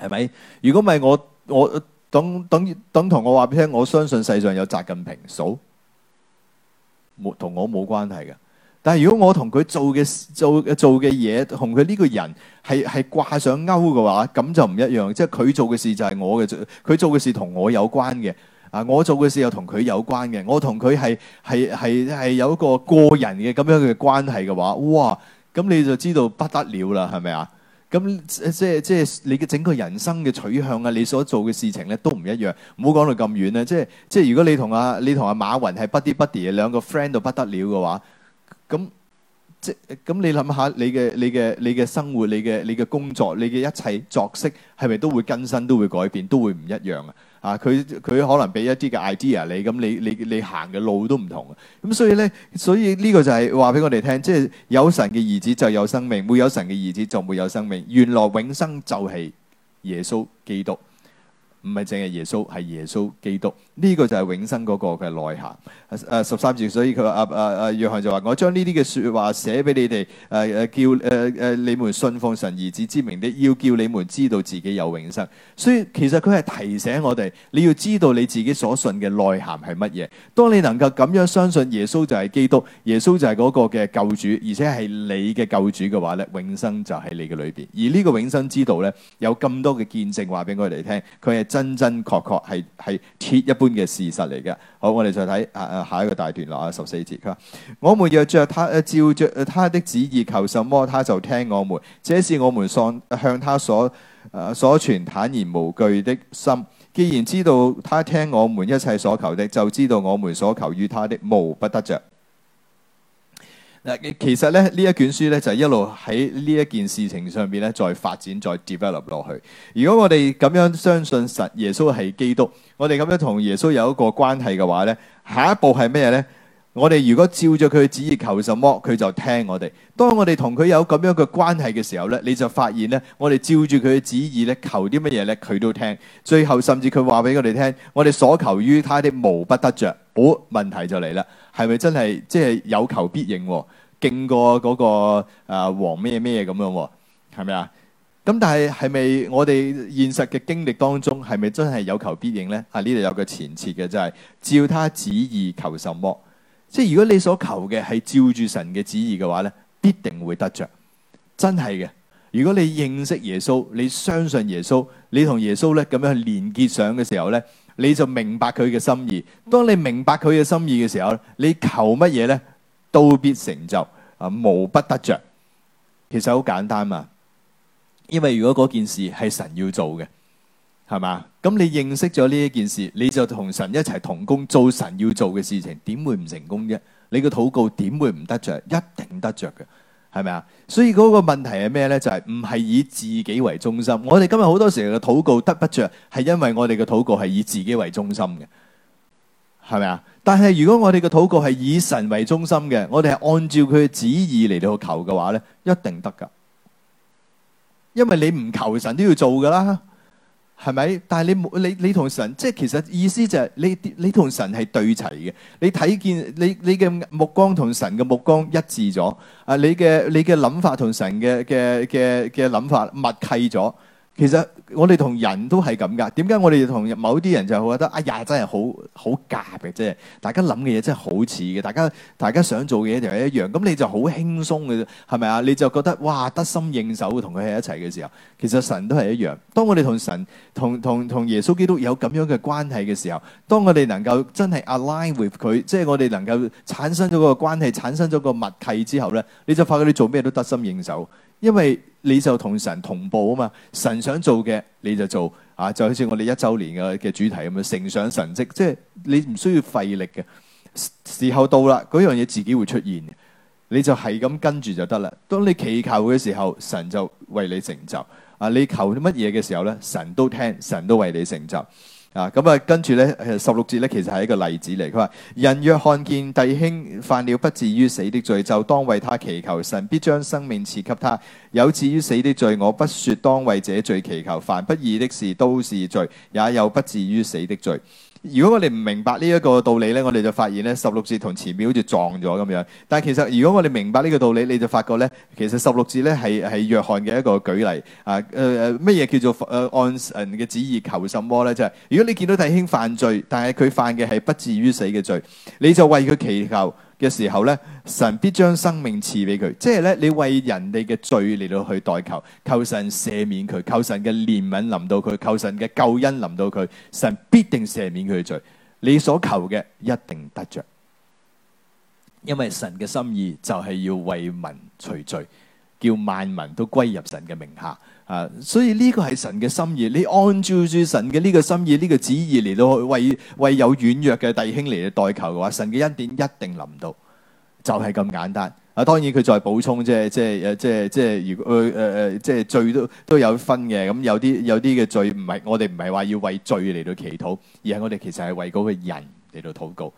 Speaker 1: 係咪？如果唔係我我等等等同我話俾你聽，我相信世上有習近平數，冇同我冇關係嘅。但係，如果我同佢做嘅做做嘅嘢，同佢呢個人係係掛上勾嘅話，咁就唔一樣。即係佢做嘅事就係我嘅，佢做嘅事同我有關嘅。啊，我做嘅事又同佢有關嘅。我同佢係係係係有一個個人嘅咁樣嘅關係嘅話，哇！咁你就知道不得了啦，係咪啊？咁即係即係你嘅整個人生嘅取向啊，你所做嘅事情咧都唔一樣。唔好講到咁遠咧，即係即係如果你同阿你同阿馬雲係不啲不啲兩個 friend 到不得了嘅話。咁即咁你諗下，你嘅你嘅你嘅生活，你嘅你嘅工作，你嘅一切作息，係咪都會更新，都會改變，都會唔一樣啊？啊，佢佢可能俾一啲嘅 idea 你，咁你你你行嘅路都唔同啊。咁所以咧，所以呢個就係話俾我哋聽，即係有神嘅兒子就有生命，沒有神嘅兒子就沒有生命。原來永生就係耶穌基督。唔係淨係耶穌，係耶穌基督。呢個就係永生嗰個嘅內涵。誒，十三節，所以佢阿阿阿約翰就話：我將呢啲嘅説話寫俾你哋，誒誒叫誒誒你們信奉神兒子之名的，要叫你們知道自己有永生。所以其實佢係提醒我哋，你要知道你自己所信嘅內涵係乜嘢。當你能夠咁樣相信耶穌就係基督，耶穌就係嗰個嘅救主，而且係你嘅救主嘅話咧，永生就喺你嘅裏邊。而呢個永生之道咧，有咁多嘅見證話俾我哋聽，佢係。真真確確係係鐵一般嘅事實嚟嘅。好，我哋再睇啊下一個大段落啊十四節。佢話：我們若著他，照著他的旨意求什麼，他就聽我們。這是我們向向他所、呃、所存坦然無懼的心。既然知道他聽我們一切所求的，就知道我們所求與他的無不得着。嗱，其實咧呢一卷書咧就係一路喺呢一件事情上邊咧再發展，再 develop 落去。如果我哋咁樣相信實耶穌係基督，我哋咁樣同耶穌有一個關係嘅話咧，下一步係咩咧？我哋如果照著佢嘅旨意求什麼，佢就聽我哋。當我哋同佢有咁樣嘅關係嘅時候咧，你就發現咧，我哋照住佢嘅旨意咧求啲乜嘢咧，佢都聽。最後甚至佢話俾我哋聽，我哋所求於他的無不得着。好，哦，問題就嚟啦，係咪真係即係有求必應？勁過嗰，那個啊黃咩咩咁樣，係咪啊？咁但係係咪我哋現實嘅經歷當中係咪真係有求必應咧？啊呢度有個前設嘅就係、是、照他旨意求什麼。即係如果你所求嘅係照住神嘅旨意嘅話咧，必定會得着，真係嘅。如果你認識耶穌，你相信耶穌，你同耶穌咧咁樣去連結上嘅時候咧，你就明白佢嘅心意。當你明白佢嘅心意嘅時候，你求乜嘢咧，都必成就啊，無不得着。其實好簡單嘛，因為如果嗰件事係神要做嘅。係嘛？咁你認識咗呢一件事，你就同神一齊同工，做神要做嘅事情，點會唔成功啫？你個禱告點會唔得着？一定得着嘅，係咪啊？所以嗰個問題係咩呢？就係唔係以自己為中心。我哋今日好多時候嘅禱告得不着，係因為我哋嘅禱告係以自己為中心嘅，係咪啊？但係如果我哋嘅禱告係以神為中心嘅，我哋係按照佢嘅旨意嚟到求嘅話呢，一定得噶。因為你唔求神都要做噶啦。係咪？但係你冇你你同神，即係其實意思就係你你同神係對齊嘅，你睇見你你嘅目光同神嘅目光一致咗，啊，你嘅你嘅諗法同神嘅嘅嘅嘅諗法默契咗，其實。我哋同人都係咁噶，點解我哋同某啲人就會覺得哎呀真係好好夾嘅啫？大家諗嘅嘢真係好似嘅，大家大家想做嘅嘢就係一樣，咁你就好輕鬆嘅，係咪啊？你就覺得哇，得心應手，同佢喺一齊嘅時候，其實神都係一樣。當我哋同神同同同耶穌基督有咁樣嘅關係嘅時候，當我哋能夠真係 align with 佢，即係我哋能夠產生咗個關係，產生咗個默契之後咧，你就發覺你做咩都得心應手。因為你就同神同步啊嘛，神想做嘅你就做，啊就好似我哋一周年嘅嘅主題咁樣，成想神蹟，即係你唔需要費力嘅，時候到啦，嗰樣嘢自己會出現嘅，你就係咁跟住就得啦。當你祈求嘅時候，神就為你成就，啊你求乜嘢嘅時候咧，神都聽，神都為你成就。啊，咁啊，跟住咧，十六節咧，其實係一個例子嚟。佢話：人若看見弟兄犯了不至於死的罪，就當為他祈求神，神必將生命賜給他。有至於死的罪，我不説當為這罪祈求。凡不義的事都是罪，也有不至於死的罪。如果我哋唔明白呢一個道理咧，我哋就發現咧，十六節同前面好似撞咗咁樣。但係其實，如果我哋明白呢個道理，你就發覺咧，其實十六節咧係係約翰嘅一個舉例。啊，誒、呃、誒，乜嘢叫做誒、啊、按人嘅旨意求什麼咧？即、就、係、是、如果你見到弟兄犯罪，但係佢犯嘅係不至於死嘅罪，你就為佢祈求嘅時候咧，神必將生命賜俾佢，即係咧，你為人哋嘅罪嚟到去代求，求神赦免佢，求神嘅憐憫臨到佢，求神嘅救恩臨到佢，神必定赦免佢罪，你所求嘅一定得着，因為神嘅心意就係要為民除罪，叫萬民都歸入神嘅名下。啊，所以呢個係神嘅心意，你按照住神嘅呢個心意、呢個旨意嚟到為為有軟弱嘅弟兄嚟到代求嘅話，神嘅恩典一定臨到，就係咁簡單。啊，當然佢再補充即係即係誒即係即係如果誒誒即係罪都都有分嘅，咁有啲有啲嘅罪唔係我哋唔係話要為罪嚟到祈禱，而係我哋其實係為嗰個人嚟到禱告。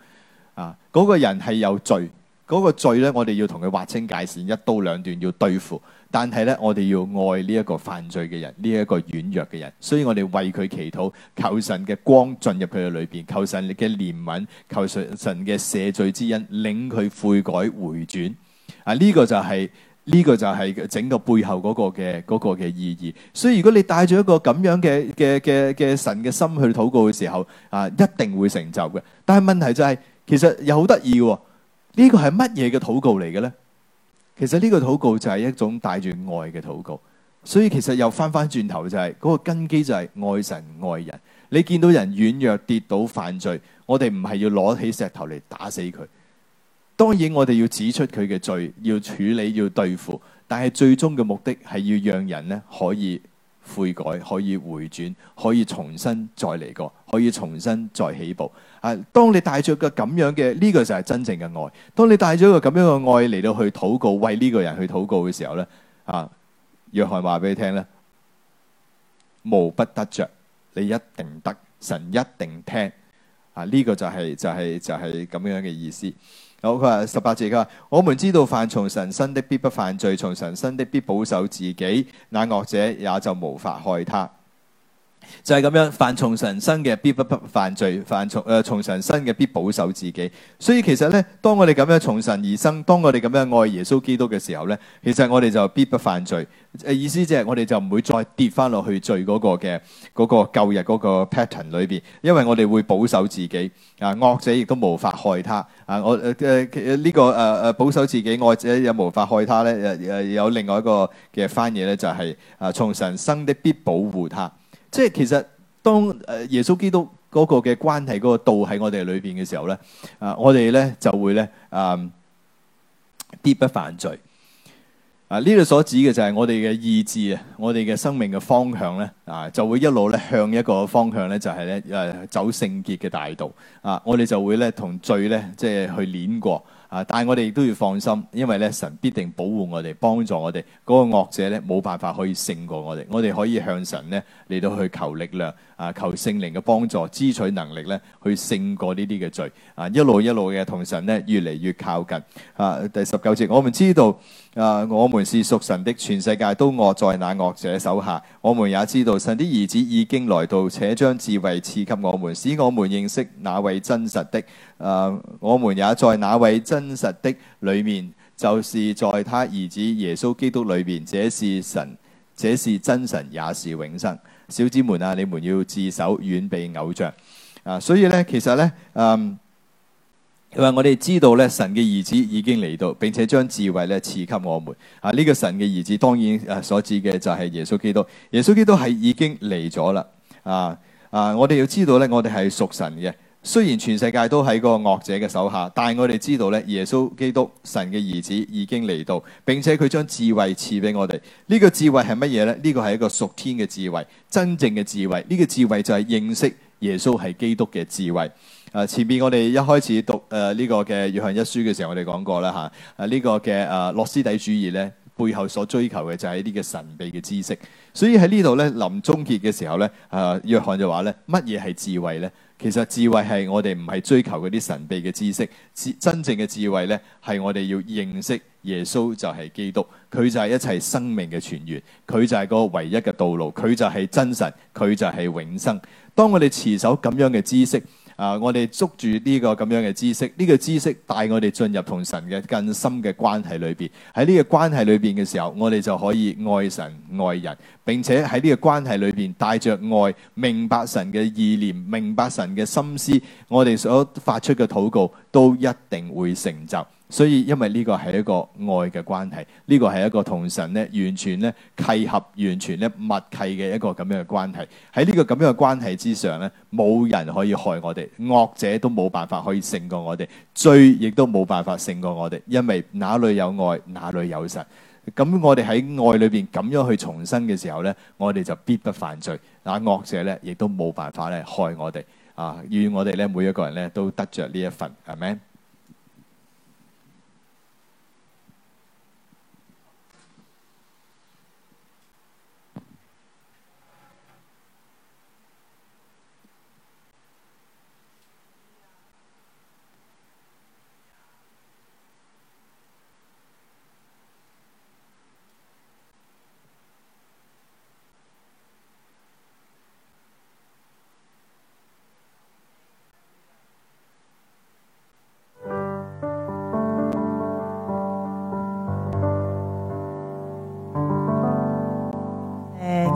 Speaker 1: 啊，嗰個人係有罪，嗰個罪咧，我哋要同佢劃清界線，一刀兩斷，要對付。但係咧，我哋要愛呢一個犯罪嘅人，呢一個軟弱嘅人，所以我哋為佢祈禱，求神嘅光進入佢嘅裏邊，求神嘅憐憫，求神神嘅赦罪之恩，領佢悔改回轉。啊，呢個就係呢個就係整個背後嗰個嘅嗰個嘅意義。所以如果你帶住一個咁樣嘅嘅嘅嘅神嘅心去禱告嘅時候，啊，一定會成就嘅。但係問題就係，其實又好得意喎。呢個係乜嘢嘅禱告嚟嘅咧？其實呢個禱告就係一種帶住愛嘅禱告，所以其實又翻翻轉頭就係嗰個根基就係愛神愛人。你見到人軟弱跌倒犯罪，我哋唔係要攞起石頭嚟打死佢。當然我哋要指出佢嘅罪，要處理，要對付，但係最終嘅目的係要讓人咧可以悔改，可以回轉，可以重新再嚟過。可以重新再起步啊！當你帶着個咁樣嘅呢個就係真正嘅愛。當你帶咗一個咁樣嘅愛嚟到去禱告，為呢個人去禱告嘅時候呢，啊，約翰話俾你聽咧，無不得着，你一定得，神一定聽啊！呢個就係就係就係咁樣嘅意思。好，佢話十八字，佢話我們知道凡從神生的必不犯罪，從神生的必保守自己，那惡者也就無法害他。就係咁樣，凡從神生嘅必不犯罪，凡從誒從神生嘅必保守自己。所以其實咧，當我哋咁樣從神而生，當我哋咁樣愛耶穌基督嘅時候咧，其實我哋就必不犯罪。誒，意思即係我哋就唔會再跌翻落去罪嗰個嘅嗰、嗰個舊日嗰個 pattern 裏邊，因為我哋會保守自己啊，惡者亦都無法害他啊。我誒誒呢個誒誒、啊、保守自己，惡者也無法害他咧。誒、啊、誒、啊、有另外一個嘅翻譯咧，就係誒從神生的必保護他。即係其實當誒耶穌基督嗰個嘅關係嗰個道喺我哋裏邊嘅時候咧，啊我哋咧就會咧啊必不犯罪啊，呢度所指嘅就係我哋嘅意志啊，我哋嘅生命嘅方向咧啊就會一路咧向一個方向咧就係咧誒走聖潔嘅大道啊，我哋就會咧同罪咧即係去碾過。但係我哋亦都要放心，因為咧，神必定保護我哋，幫助我哋。嗰個惡者咧，冇辦法可以勝過我哋。我哋可以向神咧嚟到去求力量。啊！求聖靈嘅幫助，支取能力咧，去勝過呢啲嘅罪。啊！一路一路嘅同神咧，越嚟越靠近。啊！第十九節，我們知道啊，我們是屬神的，全世界都惡在那惡者手下。我們也知道，神的兒子已經來到，且將智慧賜給我們，使我們認識那位真實的。啊！我們也在那位真實的裏面，就是在祂兒子耶穌基督裏面。這是神，這是真神，也是永生。小子們啊，你們要自守，遠避偶像。啊，所以咧，其實咧，嗯，因為我哋知道咧，神嘅兒子已經嚟到，並且將智慧咧賜給我們。啊，呢個神嘅兒子，當然誒所指嘅就係耶穌基督。耶穌基督係已經嚟咗啦。啊啊，我哋要知道咧，我哋係屬神嘅。雖然全世界都喺嗰個惡者嘅手下，但係我哋知道咧，耶穌基督神嘅兒子已經嚟到，並且佢將智慧賜俾我哋。呢、這個智慧係乜嘢呢？呢、這個係一個屬天嘅智慧，真正嘅智慧。呢、這個智慧就係認識耶穌係基督嘅智慧。啊、呃，前面我哋一開始讀誒呢、呃這個嘅約翰一書嘅時候，我哋講過啦吓。啊呢、這個嘅啊諾斯底主義呢，背後所追求嘅就係一啲嘅神秘嘅知識。所以喺呢度呢，臨終結嘅時候呢，啊、呃、約翰就話咧，乜嘢係智慧呢？」其實智慧，係我哋唔係追求嗰啲神秘嘅知識，智真正嘅智慧呢，係我哋要認識耶穌就係基督，佢就係一切生命嘅泉源，佢就係個唯一嘅道路，佢就係真神，佢就係永生。當我哋持守咁樣嘅知識。啊！Uh, 我哋捉住呢、這個咁樣嘅知識，呢、這個知識帶我哋進入同神嘅更深嘅關係裏邊。喺呢個關係裏邊嘅時候，我哋就可以愛神愛人，並且喺呢個關係裏邊帶着愛，明白神嘅意念，明白神嘅心思，我哋所發出嘅禱告都一定會成就。所以，因為呢個係一個愛嘅關係，呢個係一個同神咧完全咧契合，完全咧密契嘅一個咁樣嘅關係。喺呢個咁樣嘅關係之上咧，冇人可以害我哋，惡者都冇辦法可以勝過我哋，罪亦都冇辦法勝過我哋，因為哪裏有愛，哪裏有神。咁我哋喺愛裏邊咁樣去重生嘅時候咧，我哋就必不犯罪。啊，惡者咧亦都冇辦法咧害我哋。啊，願我哋咧每一個人咧都得着呢一份，阿們。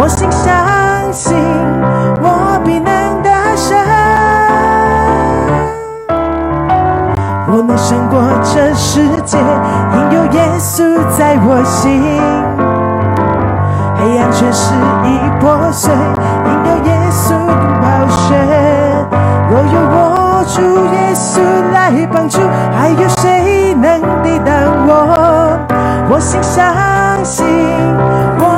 Speaker 2: 我信相信，我必能得勝。我能勝過這世界，因有耶穌在我心。黑暗全失已破碎，因有耶穌的寶血。若用我主耶穌來幫助，還有誰能抵擋我？我信相信。我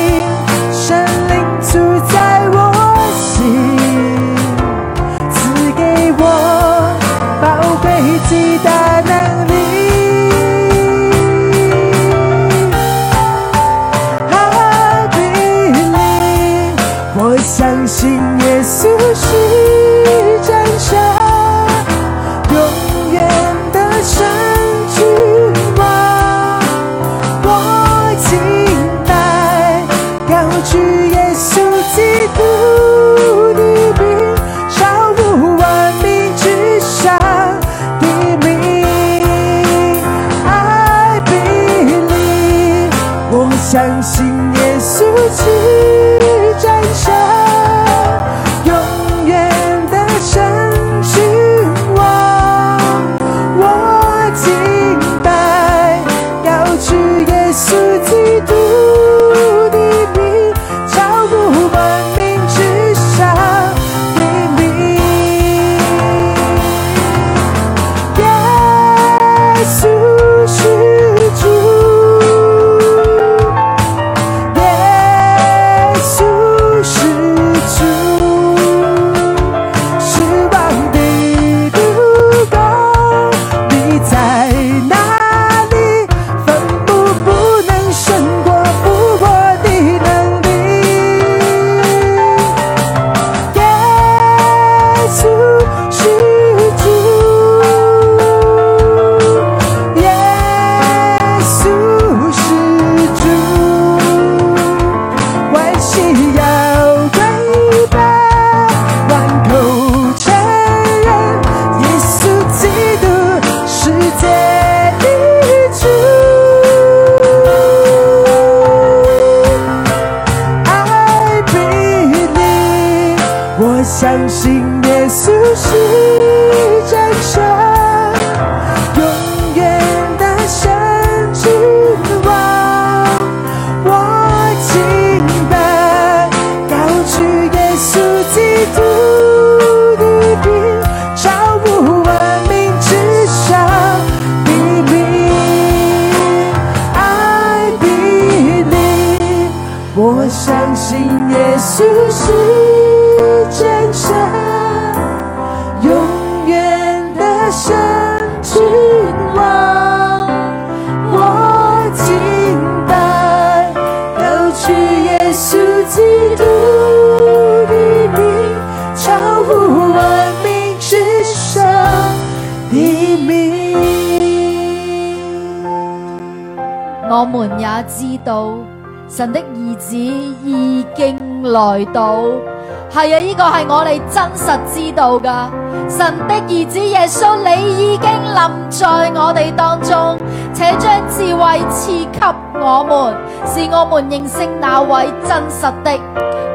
Speaker 3: 呢個係我哋真實知道噶，神的兒子耶穌，你已經臨在我哋當中，且將智慧賜給我們，是我們認識那位真實的。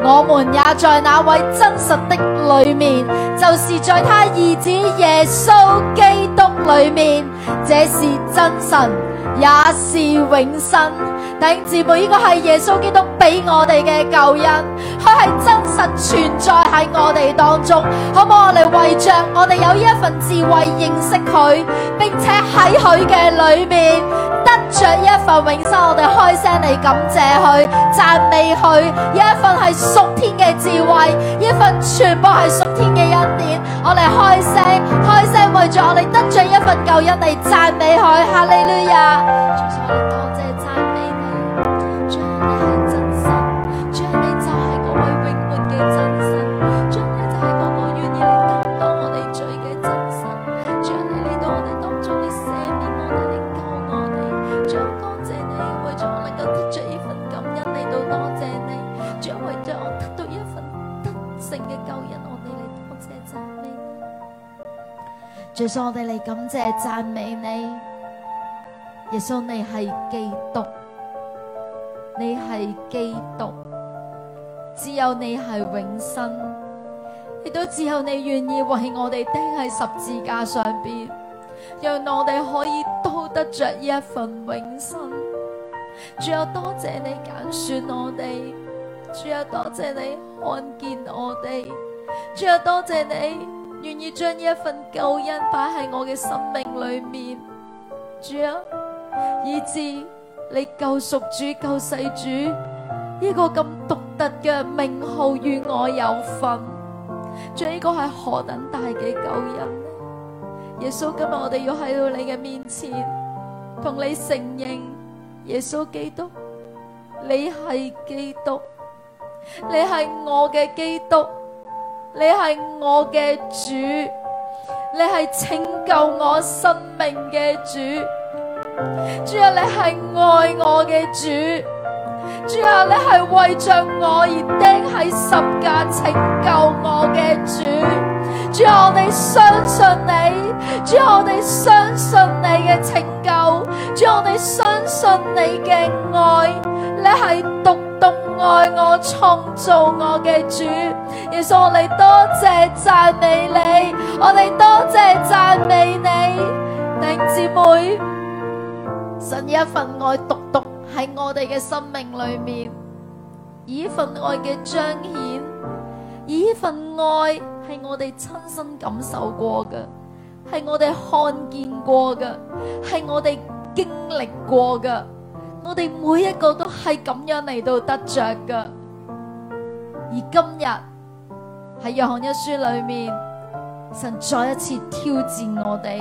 Speaker 3: 我們也在那位真實的裡面，就是在祂兒子耶穌基督裡面。這是真神，也是永生。弟兄，姊妹，呢、這個係耶穌基督俾我哋嘅救恩。佢係真實存在喺我哋當中，好唔好，我哋為着我哋有呢一份智慧認識佢，並且喺佢嘅裏面得着一份永生，我哋開聲嚟感謝佢、讚美佢，一份係屬天嘅智慧，一份全部係屬天嘅恩典，我哋開聲、開聲為着我哋得着一份救恩嚟讚美佢，哈利路亞。耶穌，我哋嚟感謝讚美你，耶穌你係基督，你係基督，只有你係永生，亦都只有你願意為我哋釘喺十字架上邊，讓我哋可以都得着一份永生。主啊，多謝你揀選我哋，主啊，多謝你看見我哋，主啊，多謝你。願意將呢一份救恩擺喺我嘅生命裏面，主啊，以至你救贖主、救世主呢個咁獨特嘅名號與我有份，將呢個係何等大嘅救恩！耶穌今日我哋要喺到你嘅面前，同你承認，耶穌基督，你係基督，你係我嘅基督。你係我嘅主，你係拯救我生命嘅主，主啊，你係愛我嘅主，主啊，你係為着我而釘喺十架拯救我嘅主，主啊，我哋相信你，主啊，我哋相信你嘅拯救，主啊，我哋相信你嘅愛，你係獨。愛我創造我嘅主，耶穌，我哋多謝讚美你，我哋多謝讚美你。弟兄姊妹，神一份愛獨獨喺我哋嘅生命裏面，以份愛嘅彰顯，以份愛係我哋親身感受過㗎，係我哋看見過㗎，係我哋經歷過㗎。我哋每一個都係咁樣嚟到得着嘅，而今日喺約翰一書裏面，神再一次挑戰我哋：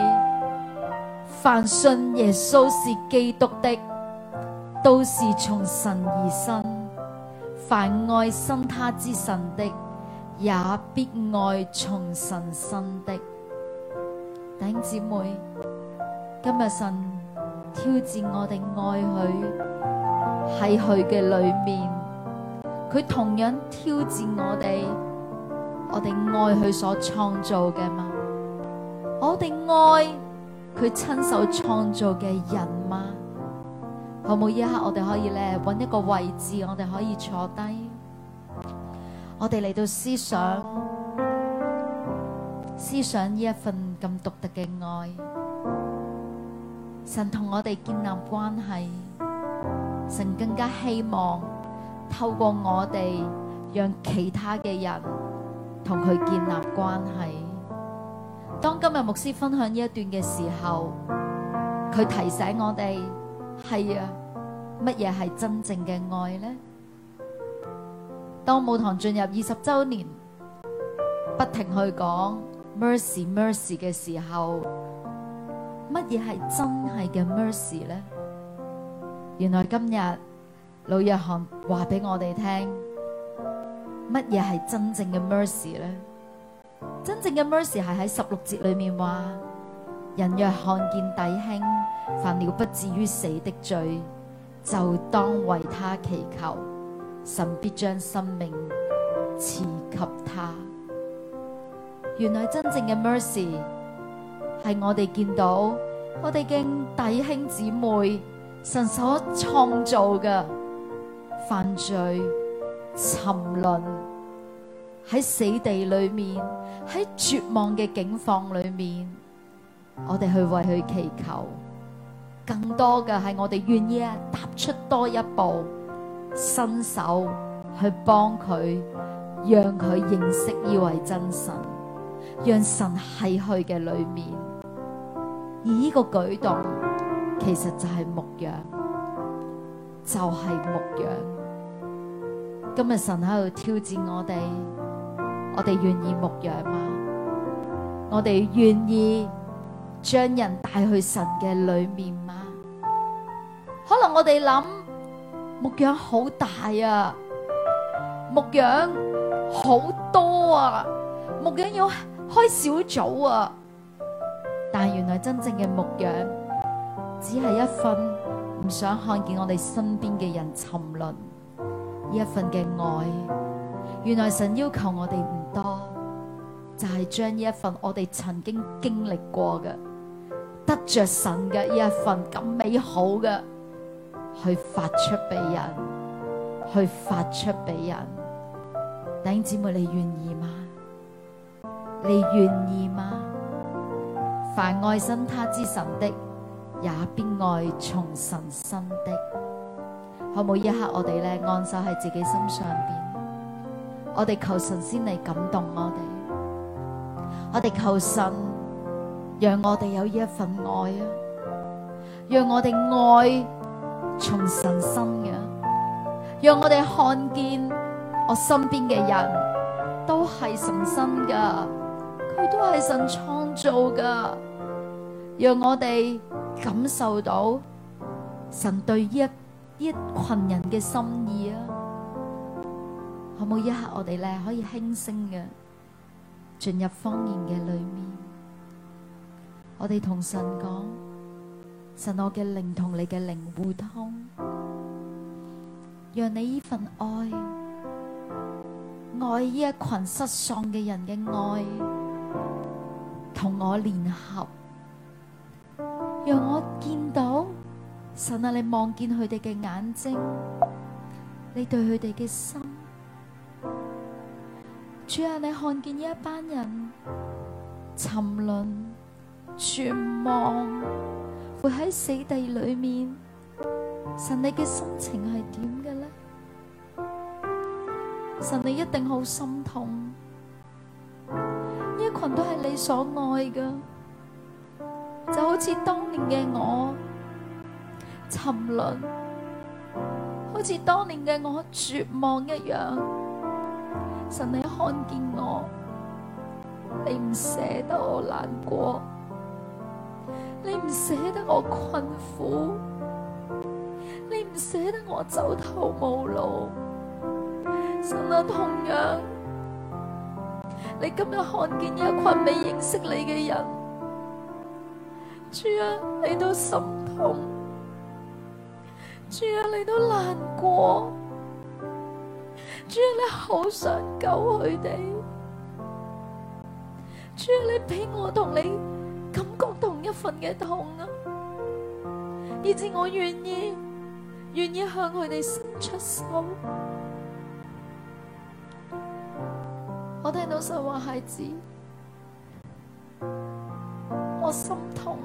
Speaker 3: 凡信耶穌是基督的，都是從神而生；凡愛生他之神的，也必愛從神生的。弟兄姊妹，今日神。挑戰我哋愛佢喺佢嘅裏面，佢同樣挑戰我哋。我哋愛佢所創造嘅嘛，我哋愛佢親手創造嘅人嘛。好唔好？依一刻我哋可以咧揾一個位置，我哋可以坐低，我哋嚟到思想，思想呢一份咁獨特嘅愛。神同我哋建立關係，神更加希望透過我哋，讓其他嘅人同佢建立關係。當今日牧師分享呢一段嘅時候，佢提醒我哋，係啊，乜嘢係真正嘅愛呢？」當母堂進入二十週年，不停去講 mer Mercy Mercy 嘅時候。乜嘢係真係嘅 mercy 咧？原來今日老約翰話俾我哋聽，乜嘢係真正嘅 mercy 咧？真正嘅 mercy 係喺十六節裏面話：人若看見弟兄犯了不至於死的罪，就當為他祈求，神必將生命賜給他。原來真正嘅 mercy。係我哋見到，我哋經弟兄姊妹神所創造嘅犯罪沉淪喺死地裏面，喺絕望嘅境況裏面，我哋去為佢祈求。更多嘅係我哋願意踏出多一步，伸手去幫佢，讓佢認識呢位真神，讓神喺佢嘅裏面。而呢個舉動其實就係牧養，就係牧養。今日神喺度挑戰我哋，我哋願意牧養嗎？我哋願意將人帶去神嘅裏面嗎？可能我哋諗牧養好大啊，牧養好多啊，牧養要開小組啊。但原來真正嘅牧養，只係一份唔想看見我哋身邊嘅人沉淪，呢一份嘅愛，原來神要求我哋唔多，就係將呢一份我哋曾經經歷過嘅，得着神嘅呢一份咁美好嘅，去發出俾人，去發出俾人，弟兄姊妹你願意嗎？你願意嗎？凡愛生他之神的，也必愛從神生的。可唔可以一刻我呢，我哋咧按手喺自己心上邊，我哋求神先嚟感動我哋，我哋求神讓我哋有一份愛啊，讓我哋愛從神生嘅，讓我哋看見我身邊嘅人都係神生噶。佢都係神創造噶，讓我哋感受到神對一一群人嘅心意啊！可唔可以一刻我哋咧可以輕聲嘅進入方言嘅裏面，我哋同神講：神我靈，我嘅靈同你嘅靈互通，讓你依份愛，愛呢一群失喪嘅人嘅愛。同我聯合，讓我見到神呀！你望見佢哋嘅眼睛，你對佢哋嘅心。主呀，你看見呢一班人沉淪絕望，活喺死地裏面。神，你嘅心情係點嘅呢？神，你一定好心痛。群都係你所愛嘅，就好似當年嘅我沉淪，好似當年嘅我絕望一樣。神，你看見我，你唔捨得我難過，你唔捨得我困苦，你唔捨得我走投無路。神啊，同樣。你今日看見一群未認識你嘅人，主啊，你都心痛，主啊，你都難過，主啊，你好想救佢哋，主啊，你俾我同你感覺同一份嘅痛啊，以至我願意，願意向佢哋伸出手。我聽到想話，孩子，我心痛，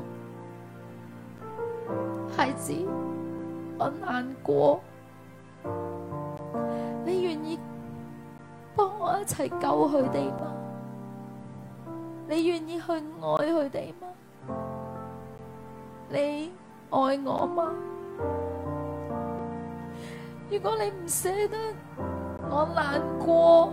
Speaker 3: 孩子，我難過。你願意幫我一齊救佢哋嗎？你願意去愛佢哋嗎？你愛我嗎？如果你唔捨得，我難過。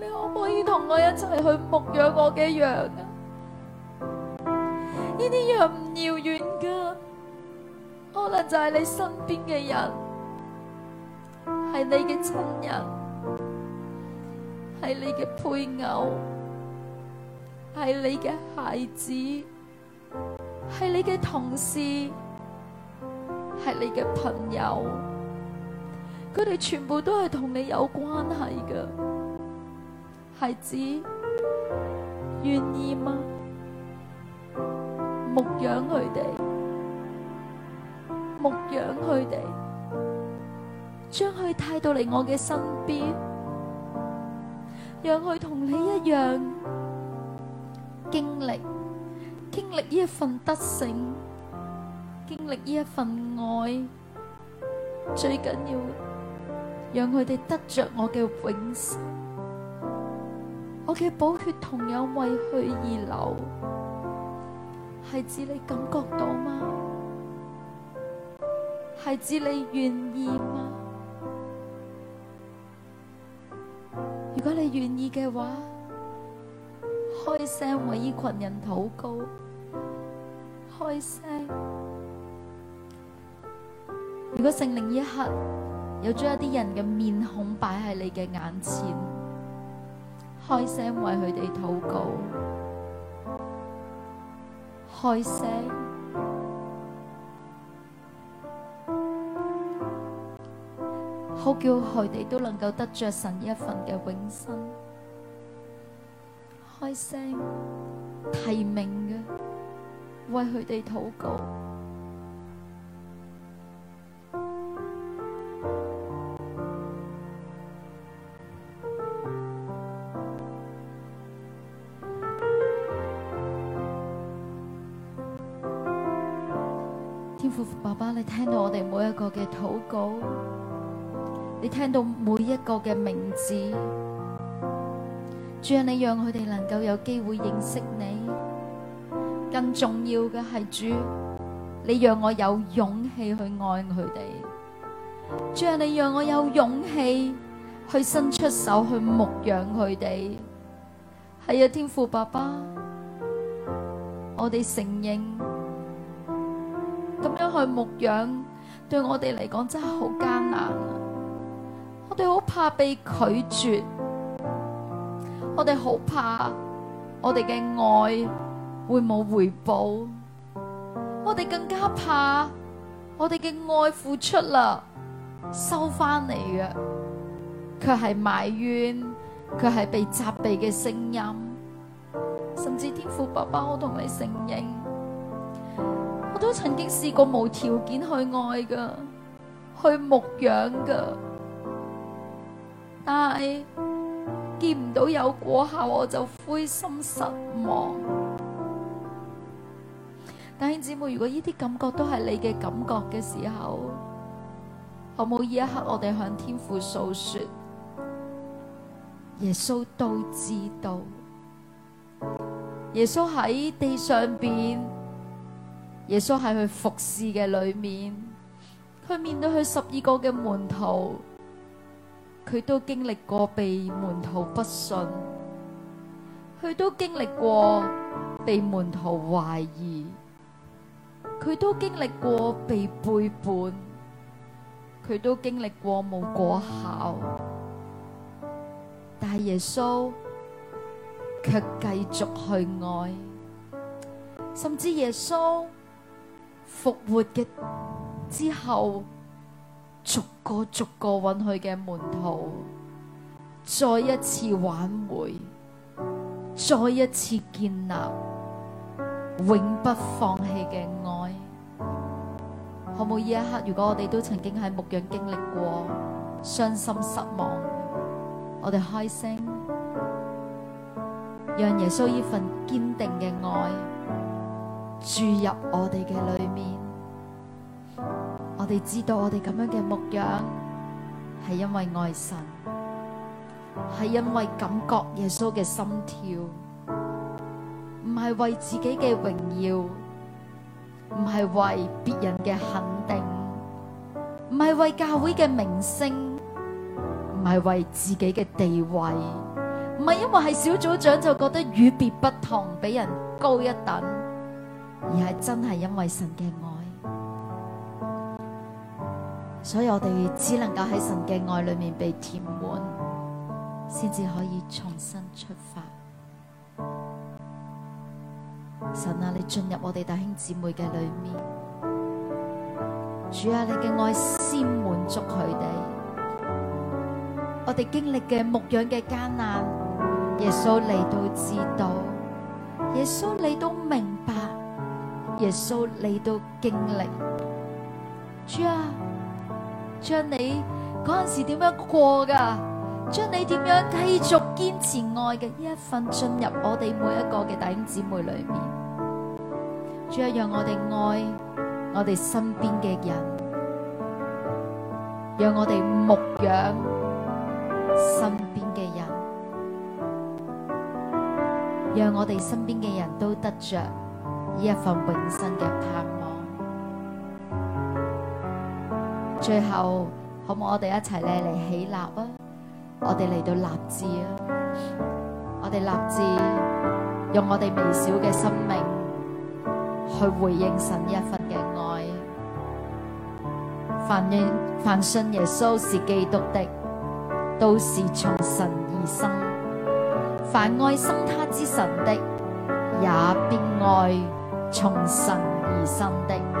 Speaker 3: 你可唔可以同我一齊去牧養我嘅羊啊？呢啲羊唔遙遠㗎，可能就係你身邊嘅人，係你嘅親人，係你嘅配偶，係你嘅孩子，係你嘅同事，係你嘅朋友，佢哋全部都係同你有關係㗎。孩子，願意嗎？牧養佢哋，牧養佢哋，將佢帶到嚟我嘅身邊，讓佢同你一樣經歷經歷呢一份得勝，經歷呢一份愛，最緊要讓佢哋得着我嘅永生。我嘅寶血同樣為佢而流，係指你感覺到嗎？係指你願意嗎？如果你願意嘅話，開聲為呢群人禱告，開聲。如果聖靈一刻有將一啲人嘅面孔擺喺你嘅眼前。開聲為佢哋禱告，開聲，好叫佢哋都能夠得着神一份嘅永生。開聲，提名嘅，為佢哋禱告。天父父，爸爸，你聽到我哋每一個嘅禱告，你聽到每一個嘅名字，主，係，你讓佢哋能夠有機會認識你。更重要嘅係，主，你讓我有勇氣去愛佢哋。主，係，你讓我有勇氣去伸出手去牧養佢哋。係啊，天父爸爸，我哋承認。咁樣去牧養，對我哋嚟講真係好艱難。我哋好怕被拒絕，我哋好怕我哋嘅愛會冇回報，我哋更加怕我哋嘅愛付出啦，收翻嚟嘅，佢係埋怨，佢係被責備嘅聲音，甚至天父爸爸，我同你承認。都曾經試過無條件去愛噶，去牧養噶，但係見唔到有果效，我就灰心失望。弟兄姊妹，如果呢啲感覺都係你嘅感覺嘅時候，可唔可以一刻，我哋向天父訴說，耶穌都知道，耶穌喺地上面。耶穌喺佢服侍嘅裏面，佢面對佢十二個嘅門徒，佢都經歷過被門徒不信，佢都經歷過被門徒懷疑，佢都經歷過被背叛，佢都經歷過冇果效，但耶穌卻繼續去愛，甚至耶穌。復活嘅之後，逐個逐個揾佢嘅門徒，再一次挽回，再一次建立，永不放棄嘅愛。可唔可以呢一刻，如果我哋都曾經喺牧養經歷過傷心失望，我哋開聲，讓耶穌依份堅定嘅愛注入我哋嘅裏面。你知道我哋咁樣嘅模樣，係因為愛神，係因為感覺耶穌嘅心跳，唔係為自己嘅榮耀，唔係為別人嘅肯定，唔係為教會嘅名聲，唔係為自己嘅地位，唔係因為係小組長就覺得與別不同，比人高一等，而係真係因為神嘅愛。所以我哋只能夠喺神嘅愛裏面被填滿，先至可以重新出發。神啊，你進入我哋弟兄姊妹嘅裏面。主啊，你嘅愛先滿足佢哋。我哋經歷嘅牧養嘅艱難，耶穌嚟到知道。耶穌你都明白，耶穌嚟到經歷。主啊！將你嗰陣時點樣過噶，將你點樣繼續堅持愛嘅呢一份進入我哋每一個嘅弟兄姊妹裏面，仲再讓我哋愛我哋身邊嘅人，讓我哋牧養身邊嘅人，讓我哋身邊嘅人都得着呢一份永生嘅盼望。最後，好唔好我哋一齊咧嚟起立啊！我哋嚟到立志啊！我哋立志用我哋微小嘅生命去回應神一份嘅愛。凡認凡信耶穌是基督的，都是從神而生；凡愛生他之神的，也必愛從神而生的。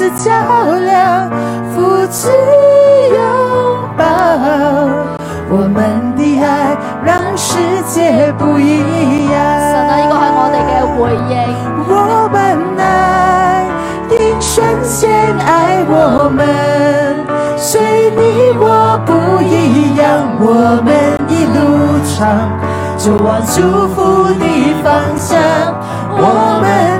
Speaker 2: 神啊，呢個係我哋嘅回應。我們愛，因聖先愛我們，雖你我不一樣，我們一路唱，就往幸福的方向。我們。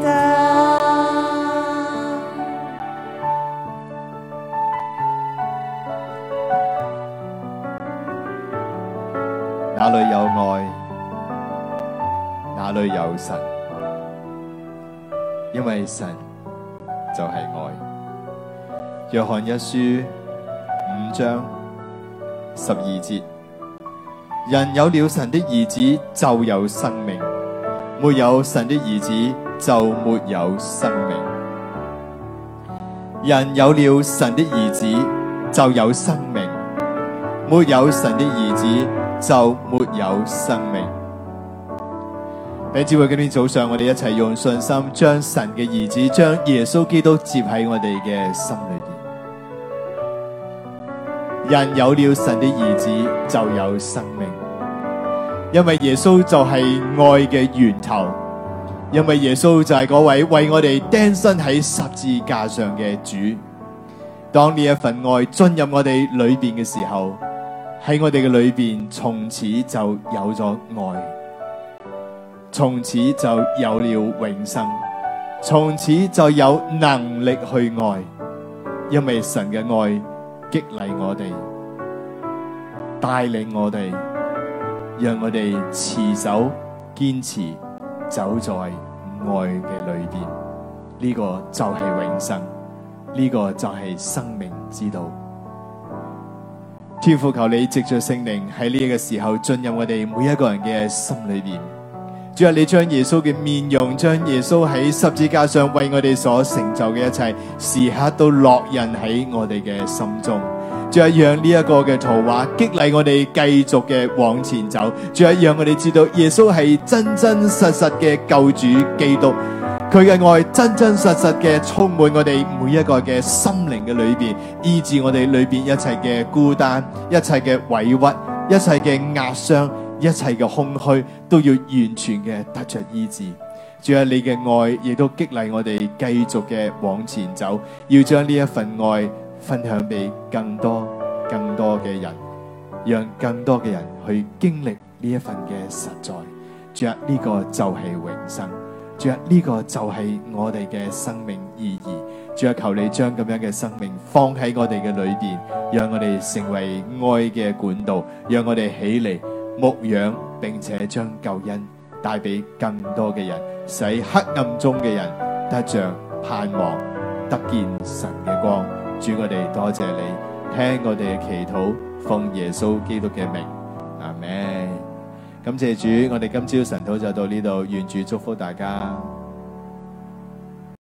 Speaker 1: 神，因為神就係愛。約翰一書五章十二節：人有了神的兒子就有生命，沒有神的兒子就沒有生命。人有了神的兒子就有生命，沒有神的兒子就沒有生命。喺只會今天早上，我哋一齊用信心將神嘅兒子，將耶穌基督接喺我哋嘅心裏邊。人有了神嘅兒子，就有生命。因為耶穌就係愛嘅源頭，因為耶穌就係嗰位為我哋釘身喺十字架上嘅主。當呢一份愛進入我哋裏邊嘅時候，喺我哋嘅裏邊，從此就有咗愛。從此就有了永生，從此就有能力去愛，因為神嘅愛激勵我哋，帶領我哋，讓我哋持守堅持，走在愛嘅裏面。呢、這個就係永生，呢、這個就係生命之道。天父求你藉着聖靈喺呢一個時候進入我哋每一個人嘅心裏面。主啊，你將耶穌嘅面容，將耶穌喺十字架上為我哋所成就嘅一切，時刻都烙印喺我哋嘅心中。主啊，讓呢一個嘅圖畫激勵我哋繼續嘅往前走。主啊，讓我哋知道耶穌係真真實實嘅救主基督，佢嘅愛真真實實嘅充滿我哋每一個嘅心靈嘅裏邊，醫治我哋裏邊一切嘅孤單，一切嘅委屈，一切嘅壓傷。一切嘅空虛都要完全嘅得着醫治。主啊，你嘅愛亦都激勵我哋繼續嘅往前走，要將呢一份愛分享俾更多、更多嘅人，讓更多嘅人去經歷呢一份嘅實在。主啊，呢個就係永生。主啊，呢個就係我哋嘅生命意義。主啊，求你將咁樣嘅生命放喺我哋嘅裏邊，讓我哋成為愛嘅管道，讓我哋起嚟。牧養，並且將救恩帶畀更多嘅人，使黑暗中嘅人，得着盼望，得見神嘅光。主，我哋多謝你，聽我哋嘅祈禱，奉耶穌基督嘅名，